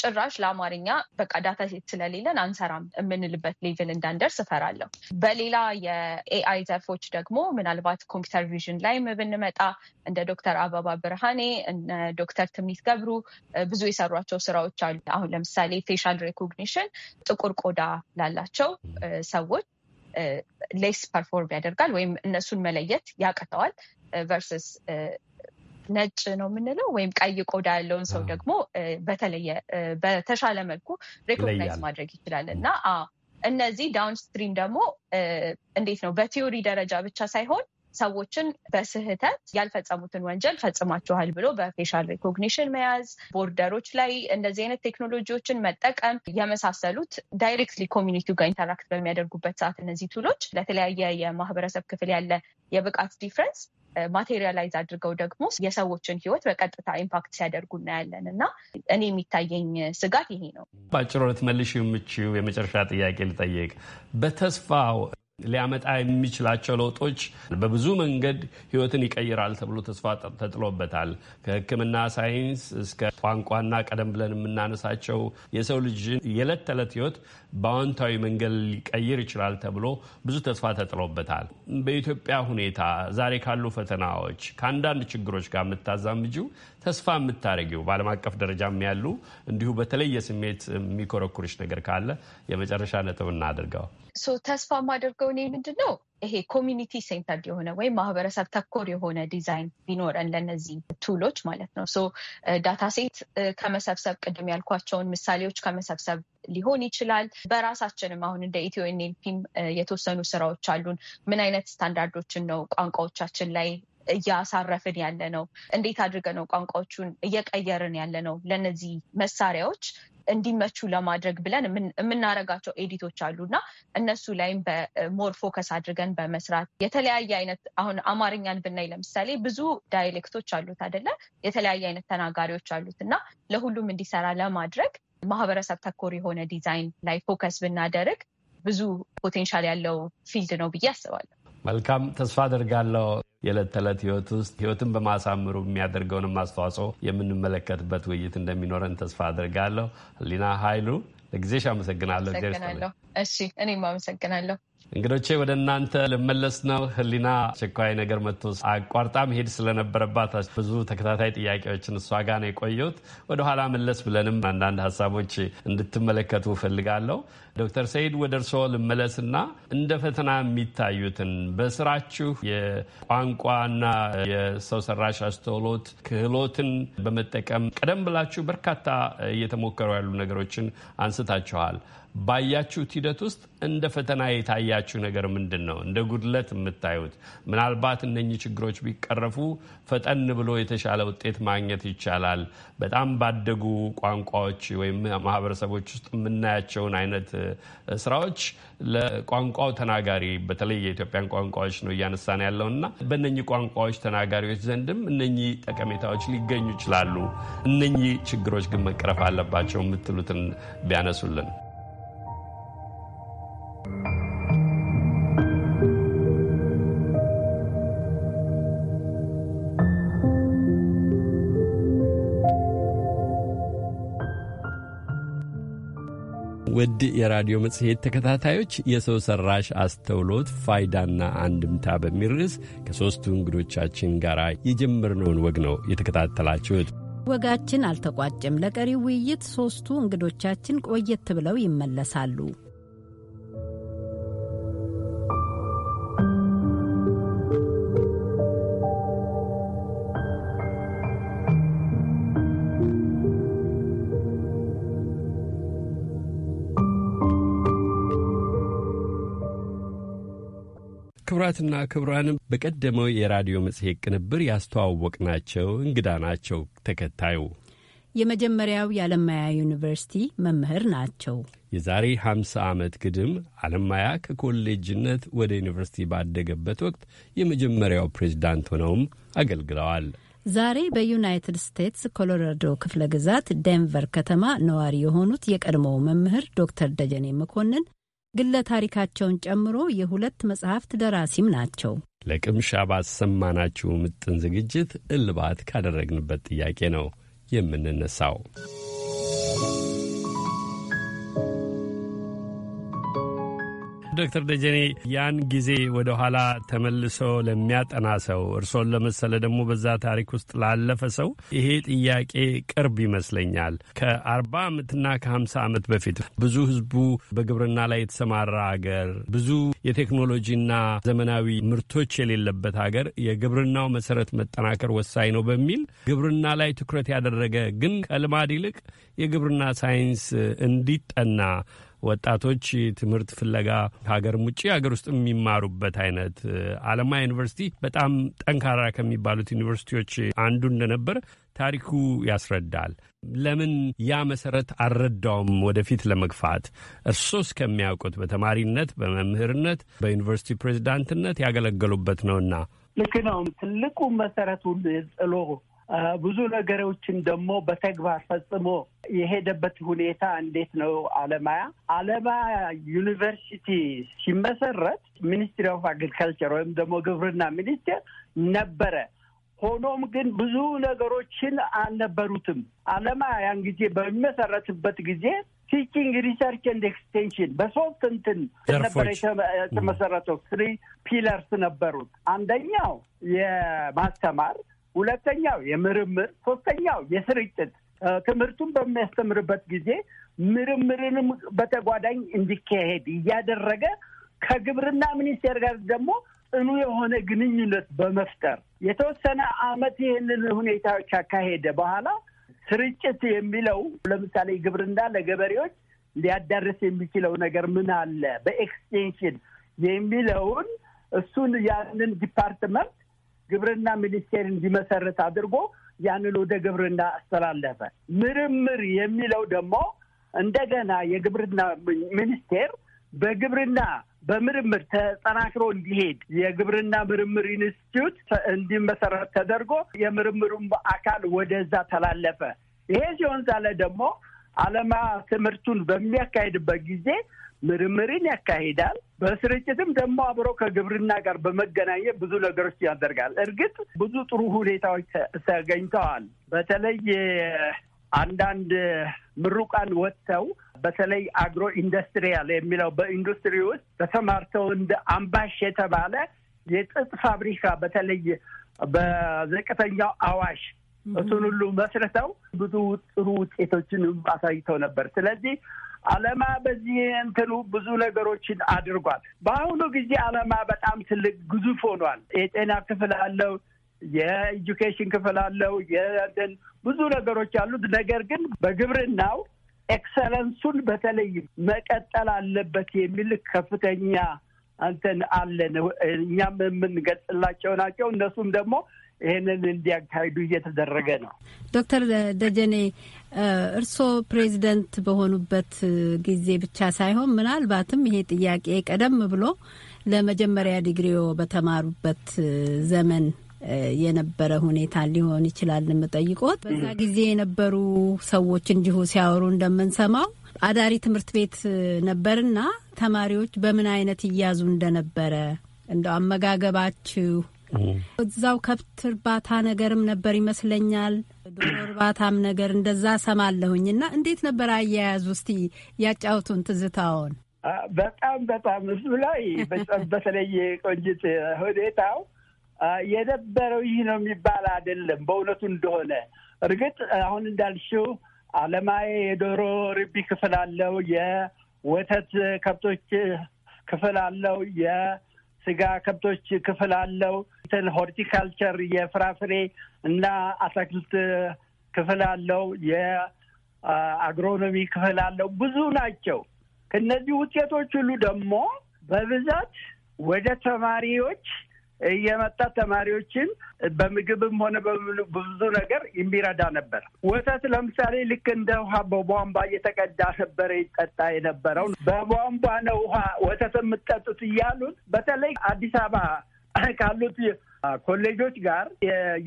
ጭራሽ ለአማርኛ በቃ ዳታ ሴት ስለሌለን አንሰራም የምንልበት ሌቭል እንዳንደርስ እፈራለሁ። በሌላ የኤአይ ዘርፎች ደግሞ ምናልባት ኮምፒውተር ቪዥን ላይ ብንመጣ እንደ ዶክተር አበባ ብርሃኔ እነ ዶክተር ትምኒት ገብሩ ብዙ የሰሯቸው ስራዎች አሉ። አሁን ለምሳሌ ፌሻል ሬኮግኒሽን ጥቁር ቆዳ ላላቸው ሰዎች ሌስ ፐርፎርም ያደርጋል ወይም እነሱን መለየት ያቅተዋል ቨርስስ ነጭ ነው የምንለው ወይም ቀይ ቆዳ ያለውን ሰው ደግሞ በተለየ በተሻለ መልኩ ሬኮግናይዝ ማድረግ ይችላል እና እነዚህ ዳውንስትሪም ደግሞ እንዴት ነው በቲዮሪ ደረጃ ብቻ ሳይሆን ሰዎችን በስህተት ያልፈጸሙትን ወንጀል ፈጽማችኋል ብሎ በፌሻል ሪኮግኒሽን መያዝ፣ ቦርደሮች ላይ እንደዚህ አይነት ቴክኖሎጂዎችን መጠቀም የመሳሰሉት ዳይሬክትሊ ኮሚኒቲው ጋር ኢንተራክት በሚያደርጉበት ሰዓት እነዚህ ቱሎች ለተለያየ የማህበረሰብ ክፍል ያለ የብቃት ዲፍረንስ ማቴሪያላይዝ አድርገው ደግሞ የሰዎችን ህይወት በቀጥታ ኢምፓክት ሲያደርጉ እናያለን እና እኔ የሚታየኝ ስጋት ይሄ ነው። በአጭሩ ልትመልሽ የምችው የመጨረሻ ጥያቄ ልጠይቅ። በተስፋ ሊያመጣ የሚችላቸው ለውጦች በብዙ መንገድ ህይወትን ይቀይራል ተብሎ ተስፋ ተጥሎበታል። ከህክምና ሳይንስ እስከ ቋንቋና ቀደም ብለን የምናነሳቸው የሰው ልጅን የዕለት ተዕለት ህይወት በአዎንታዊ መንገድ ሊቀይር ይችላል ተብሎ ብዙ ተስፋ ተጥሎበታል። በኢትዮጵያ ሁኔታ ዛሬ ካሉ ፈተናዎች ከአንዳንድ ችግሮች ጋር የምታዛምጂው ተስፋ የምታደረጊው በዓለም አቀፍ ደረጃም ያሉ እንዲሁ በተለየ ስሜት የሚኮረኩርሽ ነገር ካለ የመጨረሻ ነጥብ እናድርገው። ተስፋ የማደርገው እኔ ምንድን ነው ይሄ ኮሚኒቲ ሴንተርድ የሆነ ወይም ማህበረሰብ ተኮር የሆነ ዲዛይን ቢኖረን ለነዚህ ቱሎች ማለት ነው። ሶ ዳታ ሴት ከመሰብሰብ ቅድም ያልኳቸውን ምሳሌዎች ከመሰብሰብ ሊሆን ይችላል። በራሳችንም አሁን እንደ ኢትዮ ኤንኤልፒም የተወሰኑ ስራዎች አሉን። ምን አይነት ስታንዳርዶችን ነው ቋንቋዎቻችን ላይ እያሳረፍን ያለ ነው? እንዴት አድርገ ነው ቋንቋዎቹን እየቀየርን ያለ ነው? ለነዚህ መሳሪያዎች እንዲመቹ ለማድረግ ብለን የምናደርጋቸው ኤዲቶች አሉ እና እነሱ ላይም በሞር ፎከስ አድርገን በመስራት የተለያየ አይነት አሁን አማርኛን ብናይ ለምሳሌ ብዙ ዳይሌክቶች አሉት አይደለ? የተለያየ አይነት ተናጋሪዎች አሉት እና ለሁሉም እንዲሰራ ለማድረግ ማህበረሰብ ተኮር የሆነ ዲዛይን ላይ ፎከስ ብናደርግ ብዙ ፖቴንሻል ያለው ፊልድ ነው ብዬ አስባለሁ። መልካም ተስፋ አደርጋለሁ። የዕለት ተዕለት ህይወት ውስጥ ህይወትን በማሳምሩ የሚያደርገውንም አስተዋጽኦ የምንመለከትበት ውይይት እንደሚኖረን ተስፋ አደርጋለሁ። ህሊና ኃይሉ ለጊዜሽ አመሰግናለሁ። እሺ፣ እኔም አመሰግናለሁ። እንግዶቼ ወደ እናንተ ልመለስ ነው። ህሊና አስቸኳይ ነገር መጥቶ አቋርጣ መሄድ ስለነበረባት ብዙ ተከታታይ ጥያቄዎችን እሷ ጋር ነው የቆየሁት። ወደኋላ መለስ ብለንም አንዳንድ ሀሳቦች እንድትመለከቱ ፈልጋለሁ ዶክተር ሰይድ ወደ እርስዎ ልመለስና እንደ ፈተና የሚታዩትን በስራችሁ የቋንቋና የሰው ሰራሽ አስተውሎት ክህሎትን በመጠቀም ቀደም ብላችሁ በርካታ እየተሞከሩ ያሉ ነገሮችን አንስታችኋል። ባያችሁት ሂደት ውስጥ እንደ ፈተና የታያችሁ ነገር ምንድን ነው? እንደ ጉድለት የምታዩት ምናልባት እነኚህ ችግሮች ቢቀረፉ ፈጠን ብሎ የተሻለ ውጤት ማግኘት ይቻላል። በጣም ባደጉ ቋንቋዎች ወይም ማህበረሰቦች ውስጥ የምናያቸውን አይነት ስራዎች ለቋንቋው ተናጋሪ በተለይ የኢትዮጵያን ቋንቋዎች ነው እያነሳን ያለው እና በእነኚህ ቋንቋዎች ተናጋሪዎች ዘንድም እነኚህ ጠቀሜታዎች ሊገኙ ይችላሉ። እነኚህ ችግሮች ግን መቀረፍ አለባቸው የምትሉትን ቢያነሱልን ውድ የራዲዮ መጽሔት ተከታታዮች የሰው ሰራሽ አስተውሎት ፋይዳና አንድምታ በሚል ርዕስ ከሦስቱ እንግዶቻችን ጋር የጀመርነውን ወግ ነው የተከታተላችሁት። ወጋችን አልተቋጨም። ለቀሪው ውይይት ሦስቱ እንግዶቻችን ቆየት ብለው ይመለሳሉ። ክቡራትና ክቡራንም በቀደመው የራዲዮ መጽሔት ቅንብር ናቸው። እንግዳ ናቸው። ተከታዩ የመጀመሪያው የአለማያ ዩኒቨርሲቲ መምህር ናቸው። የዛሬ 50 ዓመት ግድም አለማያ ከኮሌጅነት ወደ ዩኒቨርሲቲ ባደገበት ወቅት የመጀመሪያው ፕሬዝዳንት ሆነውም አገልግለዋል። ዛሬ በዩናይትድ ስቴትስ ኮሎራዶ ክፍለ ግዛት ዴንቨር ከተማ ነዋሪ የሆኑት የቀድሞው መምህር ዶክተር ደጀኔ መኮንን ግለ ታሪካቸውን ጨምሮ የሁለት መጽሐፍት ደራሲም ናቸው። ለቅምሻ ባሰማናችሁ ምጥን ዝግጅት እልባት ካደረግንበት ጥያቄ ነው የምንነሳው። ዶክተር ደጀኔ ያን ጊዜ ወደ ኋላ ተመልሶ ለሚያጠና ሰው እርሶን ለመሰለ ደግሞ በዛ ታሪክ ውስጥ ላለፈ ሰው ይሄ ጥያቄ ቅርብ ይመስለኛል። ከአርባ ዓመትና ከሀምሳ ዓመት በፊት ብዙ ህዝቡ በግብርና ላይ የተሰማራ አገር፣ ብዙ የቴክኖሎጂና ዘመናዊ ምርቶች የሌለበት አገር የግብርናው መሰረት መጠናከር ወሳኝ ነው በሚል ግብርና ላይ ትኩረት ያደረገ ግን ከልማድ ይልቅ የግብርና ሳይንስ እንዲጠና ወጣቶች ትምህርት ፍለጋ ሀገር ውጭ ሀገር ውስጥ የሚማሩበት አይነት አለማ ዩኒቨርሲቲ በጣም ጠንካራ ከሚባሉት ዩኒቨርሲቲዎች አንዱ እንደነበር ታሪኩ ያስረዳል። ለምን ያ መሰረት አልረዳውም ወደፊት ለመግፋት? እርሶስ እስከሚያውቁት በተማሪነት በመምህርነት፣ በዩኒቨርሲቲ ፕሬዚዳንትነት ያገለገሉበት ነውና ልክ ነው። ትልቁ መሰረቱን ጥሎ ብዙ ነገሮችን ደግሞ በተግባር ፈጽሞ የሄደበት ሁኔታ እንዴት ነው? አለማያ አለማያ ዩኒቨርሲቲ ሲመሰረት ሚኒስትሪ ኦፍ አግሪካልቸር ወይም ደግሞ ግብርና ሚኒስቴር ነበረ። ሆኖም ግን ብዙ ነገሮችን አልነበሩትም። አለማያ ያን ጊዜ በሚመሰረትበት ጊዜ ቲቺንግ ሪሰርች ኤንድ ኤክስቴንሽን በሶስት እንትን ነበረ የተመሰረተው። ስሪ ፒለርስ ነበሩት። አንደኛው የማስተማር ሁለተኛው የምርምር፣ ሶስተኛው የስርጭት ትምህርቱን በሚያስተምርበት ጊዜ ምርምርንም በተጓዳኝ እንዲካሄድ እያደረገ ከግብርና ሚኒስቴር ጋር ደግሞ ጽኑ የሆነ ግንኙነት በመፍጠር የተወሰነ ዓመት ይህንን ሁኔታዎች አካሄደ በኋላ ስርጭት የሚለው ለምሳሌ ግብርና ለገበሬዎች ሊያዳርስ የሚችለው ነገር ምን አለ በኤክስቴንሽን የሚለውን እሱን ያንን ዲፓርትመንት ግብርና ሚኒስቴር እንዲመሰረት አድርጎ ያንን ወደ ግብርና አስተላለፈ። ምርምር የሚለው ደግሞ እንደገና የግብርና ሚኒስቴር በግብርና በምርምር ተጠናክሮ እንዲሄድ የግብርና ምርምር ኢንስቲትዩት እንዲመሰረት ተደርጎ የምርምሩም አካል ወደዛ ተላለፈ። ይሄ ሲሆን ሳለ ደግሞ አለማ ትምህርቱን በሚያካሄድበት ጊዜ ምርምርን ያካሂዳል። በስርጭትም ደግሞ አብሮ ከግብርና ጋር በመገናኘት ብዙ ነገሮች ያደርጋል። እርግጥ ብዙ ጥሩ ሁኔታዎች ተገኝተዋል። በተለይ አንዳንድ ምሩቃን ወጥተው በተለይ አግሮ ኢንዱስትሪያል የሚለው በኢንዱስትሪ ውስጥ ተሰማርተው እንደ አምባሽ የተባለ የጥጥ ፋብሪካ በተለይ በዝቅተኛው አዋሽ እሱን ሁሉ መስርተው ብዙ ጥሩ ውጤቶችን አሳይተው ነበር። ስለዚህ አለማ በዚህ እንትኑ ብዙ ነገሮችን አድርጓል። በአሁኑ ጊዜ አለማ በጣም ትልቅ ግዙፍ ሆኗል። የጤና ክፍል አለው፣ የኤጁኬሽን ክፍል አለው፣ የእንትን ብዙ ነገሮች አሉት። ነገር ግን በግብርናው ኤክሰለንሱን በተለይ መቀጠል አለበት የሚል ከፍተኛ እንትን አለን። እኛም የምንገጽላቸው ናቸው። እነሱም ደግሞ ይህንን እንዲያካሂዱ እየተደረገ ነው። ዶክተር ደጀኔ እርስዎ ፕሬዚደንት በሆኑበት ጊዜ ብቻ ሳይሆን ምናልባትም ይሄ ጥያቄ ቀደም ብሎ ለመጀመሪያ ዲግሪዎ በተማሩበት ዘመን የነበረ ሁኔታ ሊሆን ይችላል። የምጠይቆት በዛ ጊዜ የነበሩ ሰዎች እንዲሁ ሲያወሩ እንደምንሰማው አዳሪ ትምህርት ቤት ነበርና ተማሪዎች በምን አይነት እያዙ እንደነበረ እንደው አመጋገባችሁ እዛው ከብት እርባታ ነገርም ነበር ይመስለኛል ዶሮ እርባታም ነገር እንደዛ ሰማለሁኝ። እና እንዴት ነበር አያያዝ? ውስቲ ያጫውቱን ትዝታውን። በጣም በጣም እሱ ላይ በተለየ ቆንጅት ሁኔታው የነበረው ይህ ነው የሚባል አይደለም። በእውነቱ እንደሆነ እርግጥ አሁን እንዳልሽው አለማዬ የዶሮ ርቢ ክፍል አለው፣ የወተት ከብቶች ክፍል አለው፣ ስጋ ከብቶች ክፍል አለው። ሆርቲካልቸር የፍራፍሬ እና አትክልት ክፍል አለው። የአግሮኖሚ ክፍል አለው። ብዙ ናቸው። ከነዚህ ውጤቶች ሁሉ ደግሞ በብዛት ወደ ተማሪዎች እየመጣ ተማሪዎችን በምግብም ሆነ በብዙ ነገር የሚረዳ ነበር። ወተት ለምሳሌ ልክ እንደ ውሃ በቧንቧ እየተቀዳ ነበር ይጠጣ የነበረው። በቧንቧ ነው ውሃ ወተት የምትጠጡት እያሉት በተለይ አዲስ አበባ ካሉት ኮሌጆች ጋር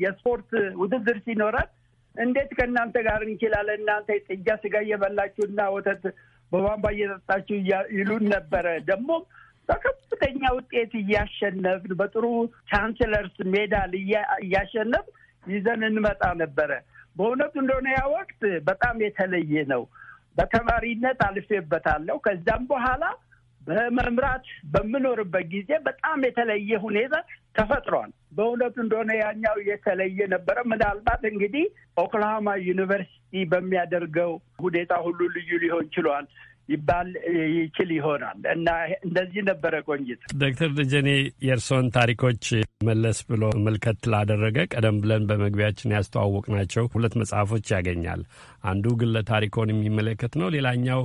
የስፖርት ውድድር ሲኖራት እንዴት ከእናንተ ጋር እንችላለን? እናንተ ጥጃ ስጋ እየበላችሁ እና ወተት በቧንቧ እየጠጣችሁ ይሉን ነበረ። ደግሞም በከፍተኛ ውጤት እያሸነፍን በጥሩ ቻንስለርስ ሜዳል እያሸነፍ ይዘን እንመጣ ነበረ። በእውነቱ እንደሆነ ያ ወቅት በጣም የተለየ ነው። በተማሪነት አልፌበታለሁ። ከዛም በኋላ በመምራት በምኖርበት ጊዜ በጣም የተለየ ሁኔታ ተፈጥሯል። በእውነቱ እንደሆነ ያኛው የተለየ ነበረ። ምናልባት እንግዲህ ኦክላሃማ ዩኒቨርሲቲ በሚያደርገው ሁኔታ ሁሉ ልዩ ሊሆን ችሏል። ይባል ይችል ይሆናል እና እንደዚህ ነበረ ቆንጅት። ዶክተር ደጀኔ የእርሶን ታሪኮች መለስ ብሎ መልከት ላደረገ ቀደም ብለን በመግቢያችን ናቸው ሁለት መጽሐፎች ያገኛል። አንዱ ግለ ታሪኮን የሚመለከት ነው። ሌላኛው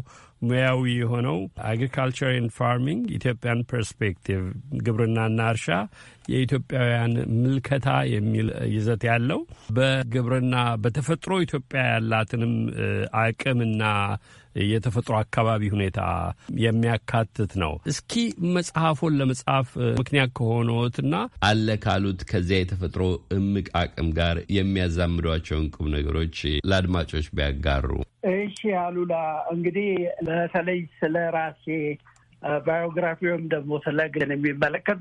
ሙያዊ የሆነው አግሪካልቸር ኤንድ ፋርሚንግ ኢትዮጵያን ፐርስፔክቲቭ ግብርናና እርሻ የኢትዮጵያውያን ምልከታ የሚል ይዘት ያለው በግብርና በተፈጥሮ ኢትዮጵያ ያላትንም አቅምና የተፈጥሮ አካባቢ ሁኔታ የሚያካትት ነው። እስኪ መጽሐፉን ለመጽሐፍ ምክንያት ከሆኑትና አለ ካሉት ከዚያ የተፈጥሮ እምቅ አቅም ጋር የሚያዛምዷቸውን ቁም ነገሮች ለአድማጮች ቢያጋሩ። እሺ አሉላ፣ እንግዲህ በተለይ ስለ ራሴ ባዮግራፊ ወይም ደግሞ ስለ ግን የሚመለከት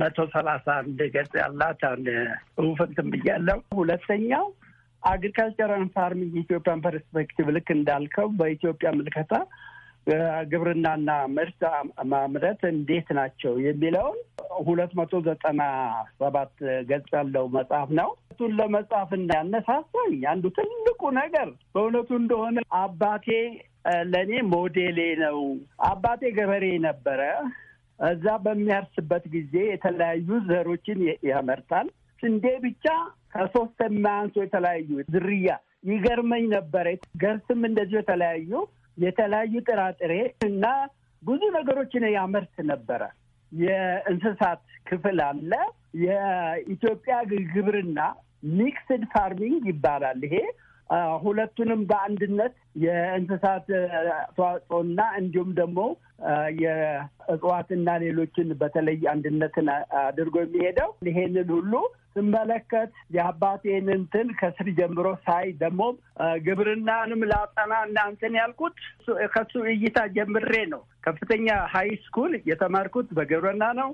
መቶ ሰላሳ አንድ ገጽ ያላት አንድ ጽሑፍ እንትን ብያለሁ። ሁለተኛው አግሪካልቸራል ፋርሚንግ ኢትዮጵያን ፐርስፔክቲቭ ልክ እንዳልከው በኢትዮጵያ ምልከታ ግብርናና ምርት ማምረት እንዴት ናቸው የሚለውን ሁለት መቶ ዘጠና ሰባት ገጽ ያለው መጽሐፍ ነው። እሱን ለመጽሐፍ ያነሳሳኝ አንዱ ትልቁ ነገር በእውነቱ እንደሆነ አባቴ ለእኔ ሞዴሌ ነው። አባቴ ገበሬ ነበረ። እዛ በሚያርስበት ጊዜ የተለያዩ ዘሮችን ያመርታል። ስንዴ ብቻ ከሶስት የማያንሱ የተለያዩ ዝርያ ይገርመኝ ነበረ። ገርስም እንደዚሁ የተለያዩ የተለያዩ ጥራጥሬ እና ብዙ ነገሮችን ያመርት ነበረ። የእንስሳት ክፍል አለ። የኢትዮጵያ ግብርና ሚክስድ ፋርሚንግ ይባላል። ይሄ ሁለቱንም በአንድነት የእንስሳት ተዋጽኦና እንዲሁም ደግሞ የእጽዋትና ሌሎችን በተለይ አንድነትን አድርጎ የሚሄደው ይሄንን ሁሉ ስመለከት የአባቴን እንትን ከስር ጀምሮ ሳይ ደግሞ ግብርናንም ላጠና እናንትን ያልኩት ከሱ እይታ ጀምሬ ነው። ከፍተኛ ሀይ ስኩል የተማርኩት በግብርና ነው።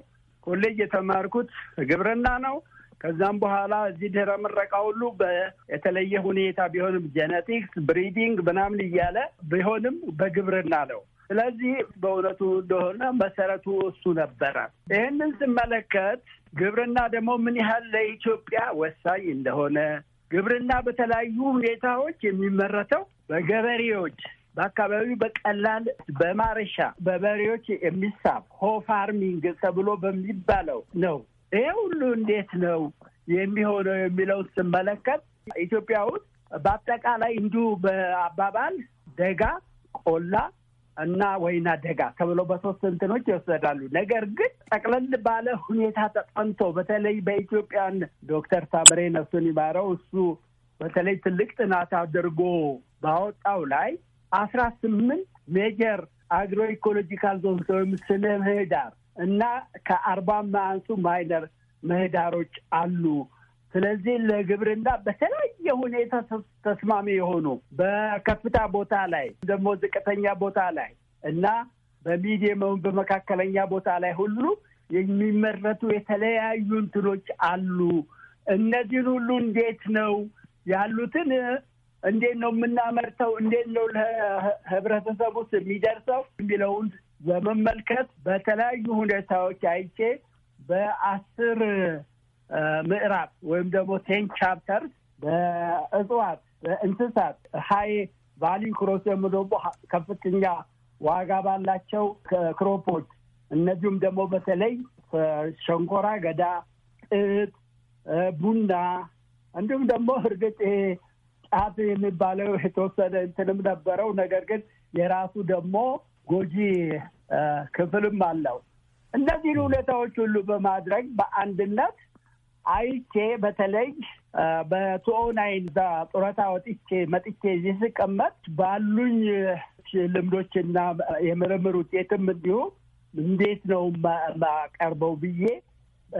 ኮሌጅ የተማርኩት ግብርና ነው። ከዛም በኋላ እዚህ ድህረ ምረቃ ሁሉ የተለየ ሁኔታ ቢሆንም ጄኔቲክስ ብሪዲንግ ምናምን እያለ ቢሆንም በግብርና ነው። ስለዚህ በእውነቱ እንደሆነ መሰረቱ እሱ ነበረ። ይህንን ስመለከት ግብርና ደግሞ ምን ያህል ለኢትዮጵያ ወሳኝ እንደሆነ ግብርና በተለያዩ ሁኔታዎች የሚመረተው በገበሬዎች በአካባቢው በቀላል በማረሻ በበሬዎች የሚሳብ ሆ ፋርሚንግ ተብሎ በሚባለው ነው። ይሄ ሁሉ እንዴት ነው የሚሆነው የሚለውን ስመለከት ኢትዮጵያ ውስጥ በአጠቃላይ እንዲሁ በአባባል ደጋ፣ ቆላ፣ እና ወይና ደጋ ተብሎ በሶስት እንትኖች ይወሰዳሉ። ነገር ግን ጠቅለል ባለ ሁኔታ ተጠንቶ በተለይ በኢትዮጵያን ዶክተር ሳምሬ ነፍሱን ይማረው እሱ በተለይ ትልቅ ጥናት አድርጎ ባወጣው ላይ አስራ ስምንት ሜጀር አግሮ ኢኮሎጂካል ዞንስ ወይም ስነ ምህዳር እና ከአርባ ማያንሱ ማይነር ምህዳሮች አሉ ስለዚህ ለግብርና በተለያየ ሁኔታ ተስማሚ የሆኑ በከፍታ ቦታ ላይ ደግሞ ዝቅተኛ ቦታ ላይ እና በሚዲየም በመካከለኛ ቦታ ላይ ሁሉ የሚመረቱ የተለያዩ እንትኖች አሉ። እነዚህን ሁሉ እንዴት ነው ያሉትን እንዴት ነው የምናመርተው፣ እንዴት ነው ለህብረተሰቡ ውስጥ የሚደርሰው የሚለውን በመመልከት በተለያዩ ሁኔታዎች አይቼ በአስር ምዕራፍ ወይም ደግሞ ቴን ቻፕተርስ በእጽዋት፣ በእንስሳት ሀይ ቫሊ ክሮስ ወይም ደግሞ ከፍተኛ ዋጋ ባላቸው ክሮፖች እነዚሁም ደግሞ በተለይ ሸንኮራ ገዳ፣ ጥጥ፣ ቡና እንዲሁም ደግሞ እርግጥ ጫት የሚባለው የተወሰነ እንትንም ነበረው። ነገር ግን የራሱ ደግሞ ጎጂ ክፍልም አለው። እነዚህን ሁኔታዎች ሁሉ በማድረግ በአንድነት አይቼ በተለይ በቱኦናይን ዛ ጡረታ ወጥቼ መጥቼ እዚህ ስቀመጥ ባሉኝ ልምዶችና የምርምር ውጤትም እንዲሁ እንዴት ነው ማቀርበው ብዬ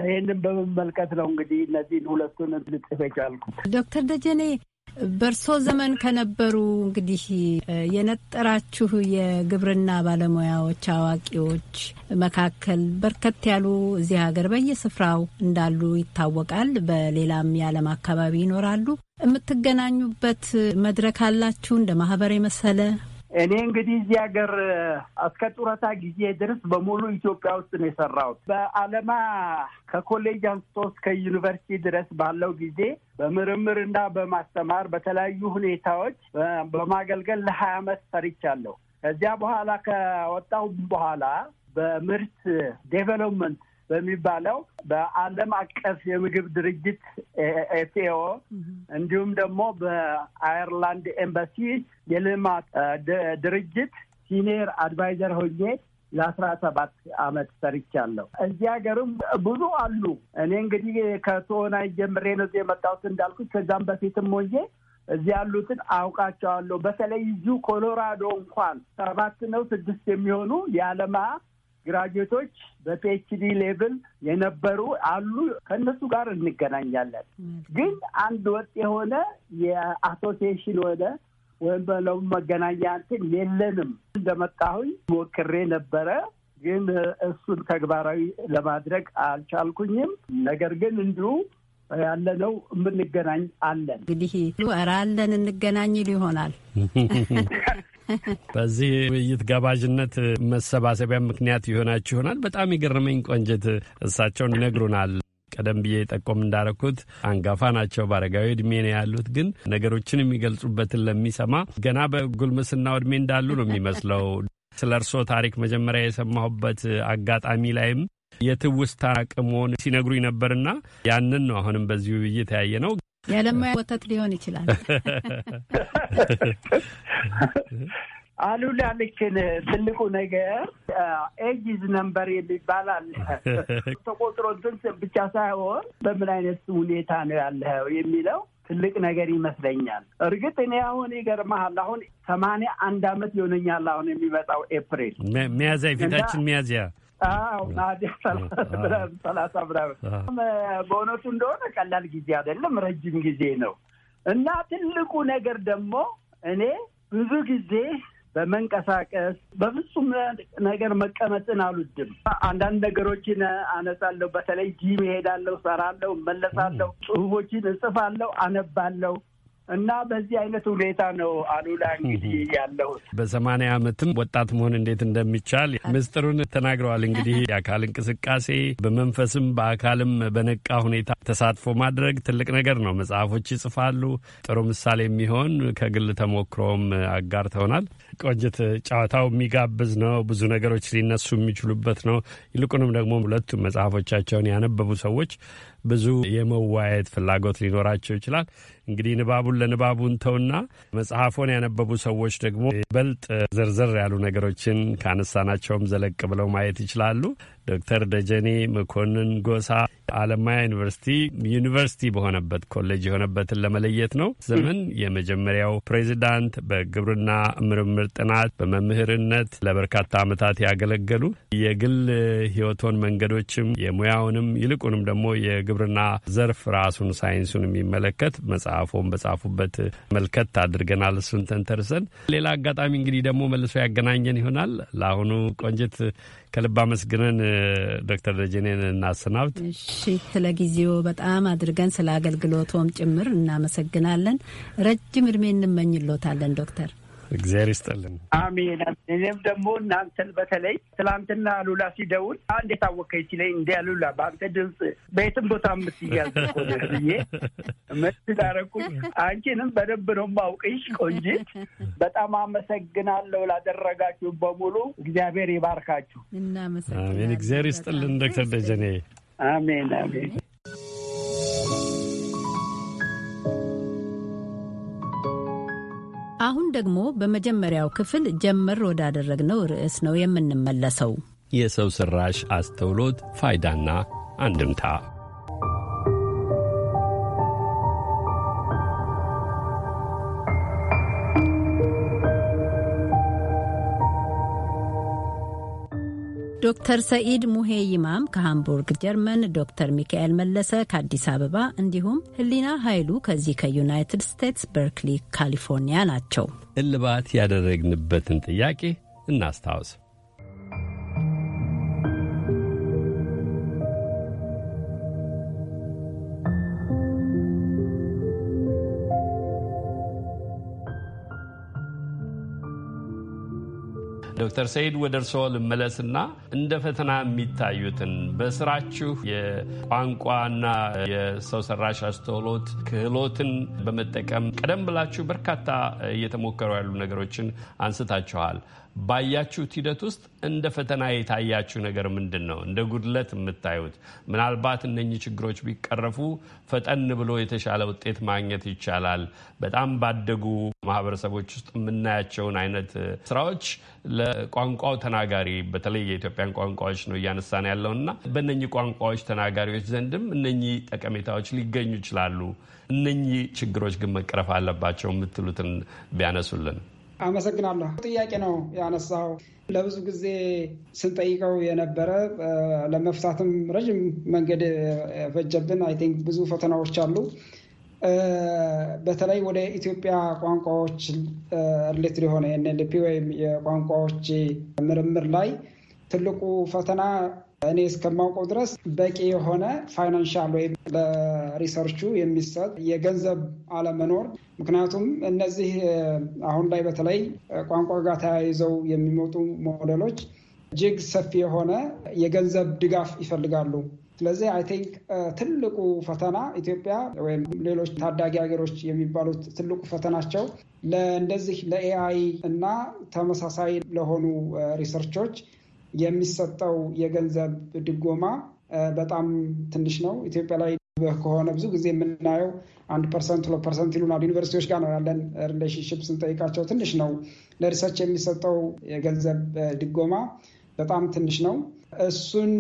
ይህንን በመመልከት ነው እንግዲህ እነዚህን ሁለቱን ልጽፍ የቻልኩት። ዶክተር ደጀኔ በእርሶ ዘመን ከነበሩ እንግዲህ የነጠራችሁ የግብርና ባለሙያዎች፣ አዋቂዎች መካከል በርከት ያሉ እዚህ ሀገር በየስፍራው እንዳሉ ይታወቃል። በሌላም የዓለም አካባቢ ይኖራሉ። የምትገናኙበት መድረክ አላችሁ እንደ ማህበር የመሰለ እኔ እንግዲህ እዚህ ሀገር እስከ ጡረታ ጊዜ ድረስ በሙሉ ኢትዮጵያ ውስጥ ነው የሰራሁት። በአለማ ከኮሌጅ አንስቶ እስከ ዩኒቨርሲቲ ድረስ ባለው ጊዜ በምርምር እና በማስተማር በተለያዩ ሁኔታዎች በማገልገል ለሀያ አመት ሰርቻለሁ። ከዚያ በኋላ ከወጣሁ በኋላ በምርት ዴቨሎፕመንት በሚባለው በዓለም አቀፍ የምግብ ድርጅት ኤፍኤኦ እንዲሁም ደግሞ በአየርላንድ ኤምባሲ የልማት ድርጅት ሲኒየር አድቫይዘር ሆኜ ለአስራ ሰባት አመት ሰርቻለሁ። እዚህ ሀገርም ብዙ አሉ። እኔ እንግዲህ ከቶሆና ጀምሬ ነው እዚህ የመጣሁት እንዳልኩት፣ ከዛም በፊትም ሆኜ እዚህ ያሉትን አውቃቸዋለሁ። በተለይ እዚሁ ኮሎራዶ እንኳን ሰባት ነው ስድስት የሚሆኑ የአለማ ግራጁዌቶች በፒኤችዲ ሌቭል የነበሩ አሉ። ከእነሱ ጋር እንገናኛለን። ግን አንድ ወጥ የሆነ የአሶሲሽን ወደ ወይም በለው መገናኛ እንትን የለንም። እንደመጣሁኝ ሞክሬ ነበረ ግን እሱን ተግባራዊ ለማድረግ አልቻልኩኝም። ነገር ግን እንዲሁ ያለነው የምንገናኝ አለን። እንግዲህ ኧረ አለን እንገናኝ ይሆናል በዚህ ውይይት ጋባዥነት መሰባሰቢያ ምክንያት ይሆናችሁ ይሆናል። በጣም የገረመኝ ቆንጅት፣ እሳቸውን ይነግሩናል። ቀደም ብዬ ጠቆም እንዳረኩት አንጋፋ ናቸው። በአረጋዊ እድሜ ነው ያሉት፣ ግን ነገሮችን የሚገልጹበትን ለሚሰማ ገና በጉልምስና እድሜ እንዳሉ ነው የሚመስለው። ስለ እርስዎ ታሪክ መጀመሪያ የሰማሁበት አጋጣሚ ላይም የትውስታ አቅሞን ሲነግሩ ነበርና ያንን ነው አሁንም በዚህ ውይይት ያየ ነው። ያለማያ ወተት ሊሆን ይችላል። አሉላ ልክን ትልቁ ነገር ኤጂዝ ነምበር የሚባል አለ። ተቆጥሮ እንትን ብቻ ሳይሆን በምን አይነት ሁኔታ ነው ያለው የሚለው ትልቅ ነገር ይመስለኛል። እርግጥ እኔ አሁን ይገርመሃል፣ አሁን ሰማንያ አንድ አመት ሊሆነኛል አሁን የሚመጣው ኤፕሪል ሚያዝያ፣ የፊታችን ሚያዝያ ሰላሳ ምናምን በእውነቱ እንደሆነ ቀላል ጊዜ አይደለም፣ ረጅም ጊዜ ነው እና ትልቁ ነገር ደግሞ እኔ ብዙ ጊዜ በመንቀሳቀስ በፍጹም ነገር መቀመጥን አልወድም። አንዳንድ ነገሮችን አነሳለሁ፣ በተለይ ጂም እሄዳለሁ፣ ሰራለሁ፣ መለሳለሁ፣ ጽሁፎችን እጽፋለሁ፣ አነባለሁ እና በዚህ አይነት ሁኔታ ነው አሉላ እንግዲህ ያለሁት። በሰማንያ ዓመትም ወጣት መሆን እንዴት እንደሚቻል ምስጢሩን ተናግረዋል። እንግዲህ የአካል እንቅስቃሴ በመንፈስም በአካልም በነቃ ሁኔታ ተሳትፎ ማድረግ ትልቅ ነገር ነው። መጽሐፎች ይጽፋሉ። ጥሩ ምሳሌ የሚሆን ከግል ተሞክሮም አጋርተውናል። ቆንጅት፣ ጨዋታው የሚጋብዝ ነው። ብዙ ነገሮች ሊነሱ የሚችሉበት ነው። ይልቁንም ደግሞ ሁለቱም መጽሐፎቻቸውን ያነበቡ ሰዎች ብዙ የመዋየት ፍላጎት ሊኖራቸው ይችላል። እንግዲህ ንባቡን ለንባቡን ተውና መጽሐፎን ያነበቡ ሰዎች ደግሞ በልጥ ዝርዝር ያሉ ነገሮችን ካነሳናቸውም ዘለቅ ብለው ማየት ይችላሉ። ዶክተር ደጀኔ መኮንን ጎሳ አለማያ ዩኒቨርሲቲ ዩኒቨርሲቲ በሆነበት ኮሌጅ የሆነበትን ለመለየት ነው ዘመን የመጀመሪያው ፕሬዚዳንት፣ በግብርና ምርምር ጥናት በመምህርነት ለበርካታ ዓመታት ያገለገሉ የግል ሕይወቶን መንገዶችም የሙያውንም ይልቁንም ደግሞ የግብ የግብርና ዘርፍ ራሱን ሳይንሱን የሚመለከት መጽሐፎን በጻፉበት መልከት አድርገናል። እሱን ተንተርሰን ሌላ አጋጣሚ እንግዲህ ደግሞ መልሶ ያገናኘን ይሆናል። ለአሁኑ ቆንጅት ከልብ አመስግነን ዶክተር ደጀኔን እናሰናብት። እሺ፣ ስለ ጊዜው በጣም አድርገን ስለ አገልግሎቶም ጭምር እናመሰግናለን። ረጅም እድሜ እንመኝሎታለን ዶክተር እግዚአብሔር ይስጠልን። አሜን። እኔም ደግሞ እናንተን በተለይ ትላንትና ሉላ ሲደውል አንድ የታወቀኝ ሲለኝ እንዲ ሉላ በአንተ ድምፅ በየትም ቦታ አምስት ሆነ ብዬ መስል አረኩ። አንቺንም በደንብ ነው ማውቅሽ ቆንጂት። በጣም አመሰግናለሁ ላደረጋችሁ በሙሉ እግዚአብሔር ይባርካችሁ። እናመሰግናለን። እግዚአብሔር ይስጥልን ዶክተር ደጀኔ አሜን አሜን። አሁን ደግሞ በመጀመሪያው ክፍል ጀመር ወዳደረግነው ርዕስ ነው የምንመለሰው። የሰው ስራሽ አስተውሎት ፋይዳና አንድምታ ዶክተር ሰኢድ ሙሄ ይማም ከሃምቡርግ ጀርመን፣ ዶክተር ሚካኤል መለሰ ከአዲስ አበባ እንዲሁም ህሊና ኃይሉ ከዚህ ከዩናይትድ ስቴትስ በርክሊ ካሊፎርኒያ ናቸው። እልባት ያደረግንበትን ጥያቄ እናስታውስ። ዶክተር ሰይድ ወደ እርስዎ ልመለስና እንደ ፈተና የሚታዩትን በስራችሁ የቋንቋና የሰው ሰራሽ አስተውሎት ክህሎትን በመጠቀም ቀደም ብላችሁ በርካታ እየተሞከሩ ያሉ ነገሮችን አንስታችኋል። ባያችሁት ሂደት ውስጥ እንደ ፈተና የታያችሁ ነገር ምንድን ነው? እንደ ጉድለት የምታዩት ምናልባት እነኚህ ችግሮች ቢቀረፉ ፈጠን ብሎ የተሻለ ውጤት ማግኘት ይቻላል። በጣም ባደጉ ማህበረሰቦች ውስጥ የምናያቸውን አይነት ስራዎች ለቋንቋው ተናጋሪ በተለይ የኢትዮጵያን ቋንቋዎች ነው እያነሳን ያለው እና በእነኚህ ቋንቋዎች ተናጋሪዎች ዘንድም እነኚህ ጠቀሜታዎች ሊገኙ ይችላሉ። እነኚህ ችግሮች ግን መቀረፍ አለባቸው የምትሉትን ቢያነሱልን። አመሰግናለሁ። ጥያቄ ነው ያነሳው። ለብዙ ጊዜ ስንጠይቀው የነበረ ለመፍታትም ረዥም መንገድ ፈጀብን። አይ ቲንክ ብዙ ፈተናዎች አሉ። በተለይ ወደ ኢትዮጵያ ቋንቋዎች ሪሌትድ የሆነ ኤንኤልፒ ወይም የቋንቋዎች ምርምር ላይ ትልቁ ፈተና እኔ እስከማውቀው ድረስ በቂ የሆነ ፋይናንሻል ወይም ለሪሰርቹ የሚሰጥ የገንዘብ አለመኖር ምክንያቱም እነዚህ አሁን ላይ በተለይ ቋንቋ ጋር ተያይዘው የሚመጡ ሞዴሎች እጅግ ሰፊ የሆነ የገንዘብ ድጋፍ ይፈልጋሉ። ስለዚህ አይ ቲንክ ትልቁ ፈተና ኢትዮጵያ ወይም ሌሎች ታዳጊ ሀገሮች የሚባሉት ትልቁ ፈተናቸው ለእንደዚህ ለኤአይ እና ተመሳሳይ ለሆኑ ሪሰርቾች የሚሰጠው የገንዘብ ድጎማ በጣም ትንሽ ነው። ኢትዮጵያ ላይ ከሆነ ብዙ ጊዜ የምናየው አንድ ፐርሰንት ሁለት ፐርሰንት ይሉናል። ዩኒቨርሲቲዎች ጋር ነው ያለን ሪሌሽንሽፕ ስንጠይቃቸው ትንሽ ነው። ለሪሰርች የሚሰጠው የገንዘብ ድጎማ በጣም ትንሽ ነው። እሱን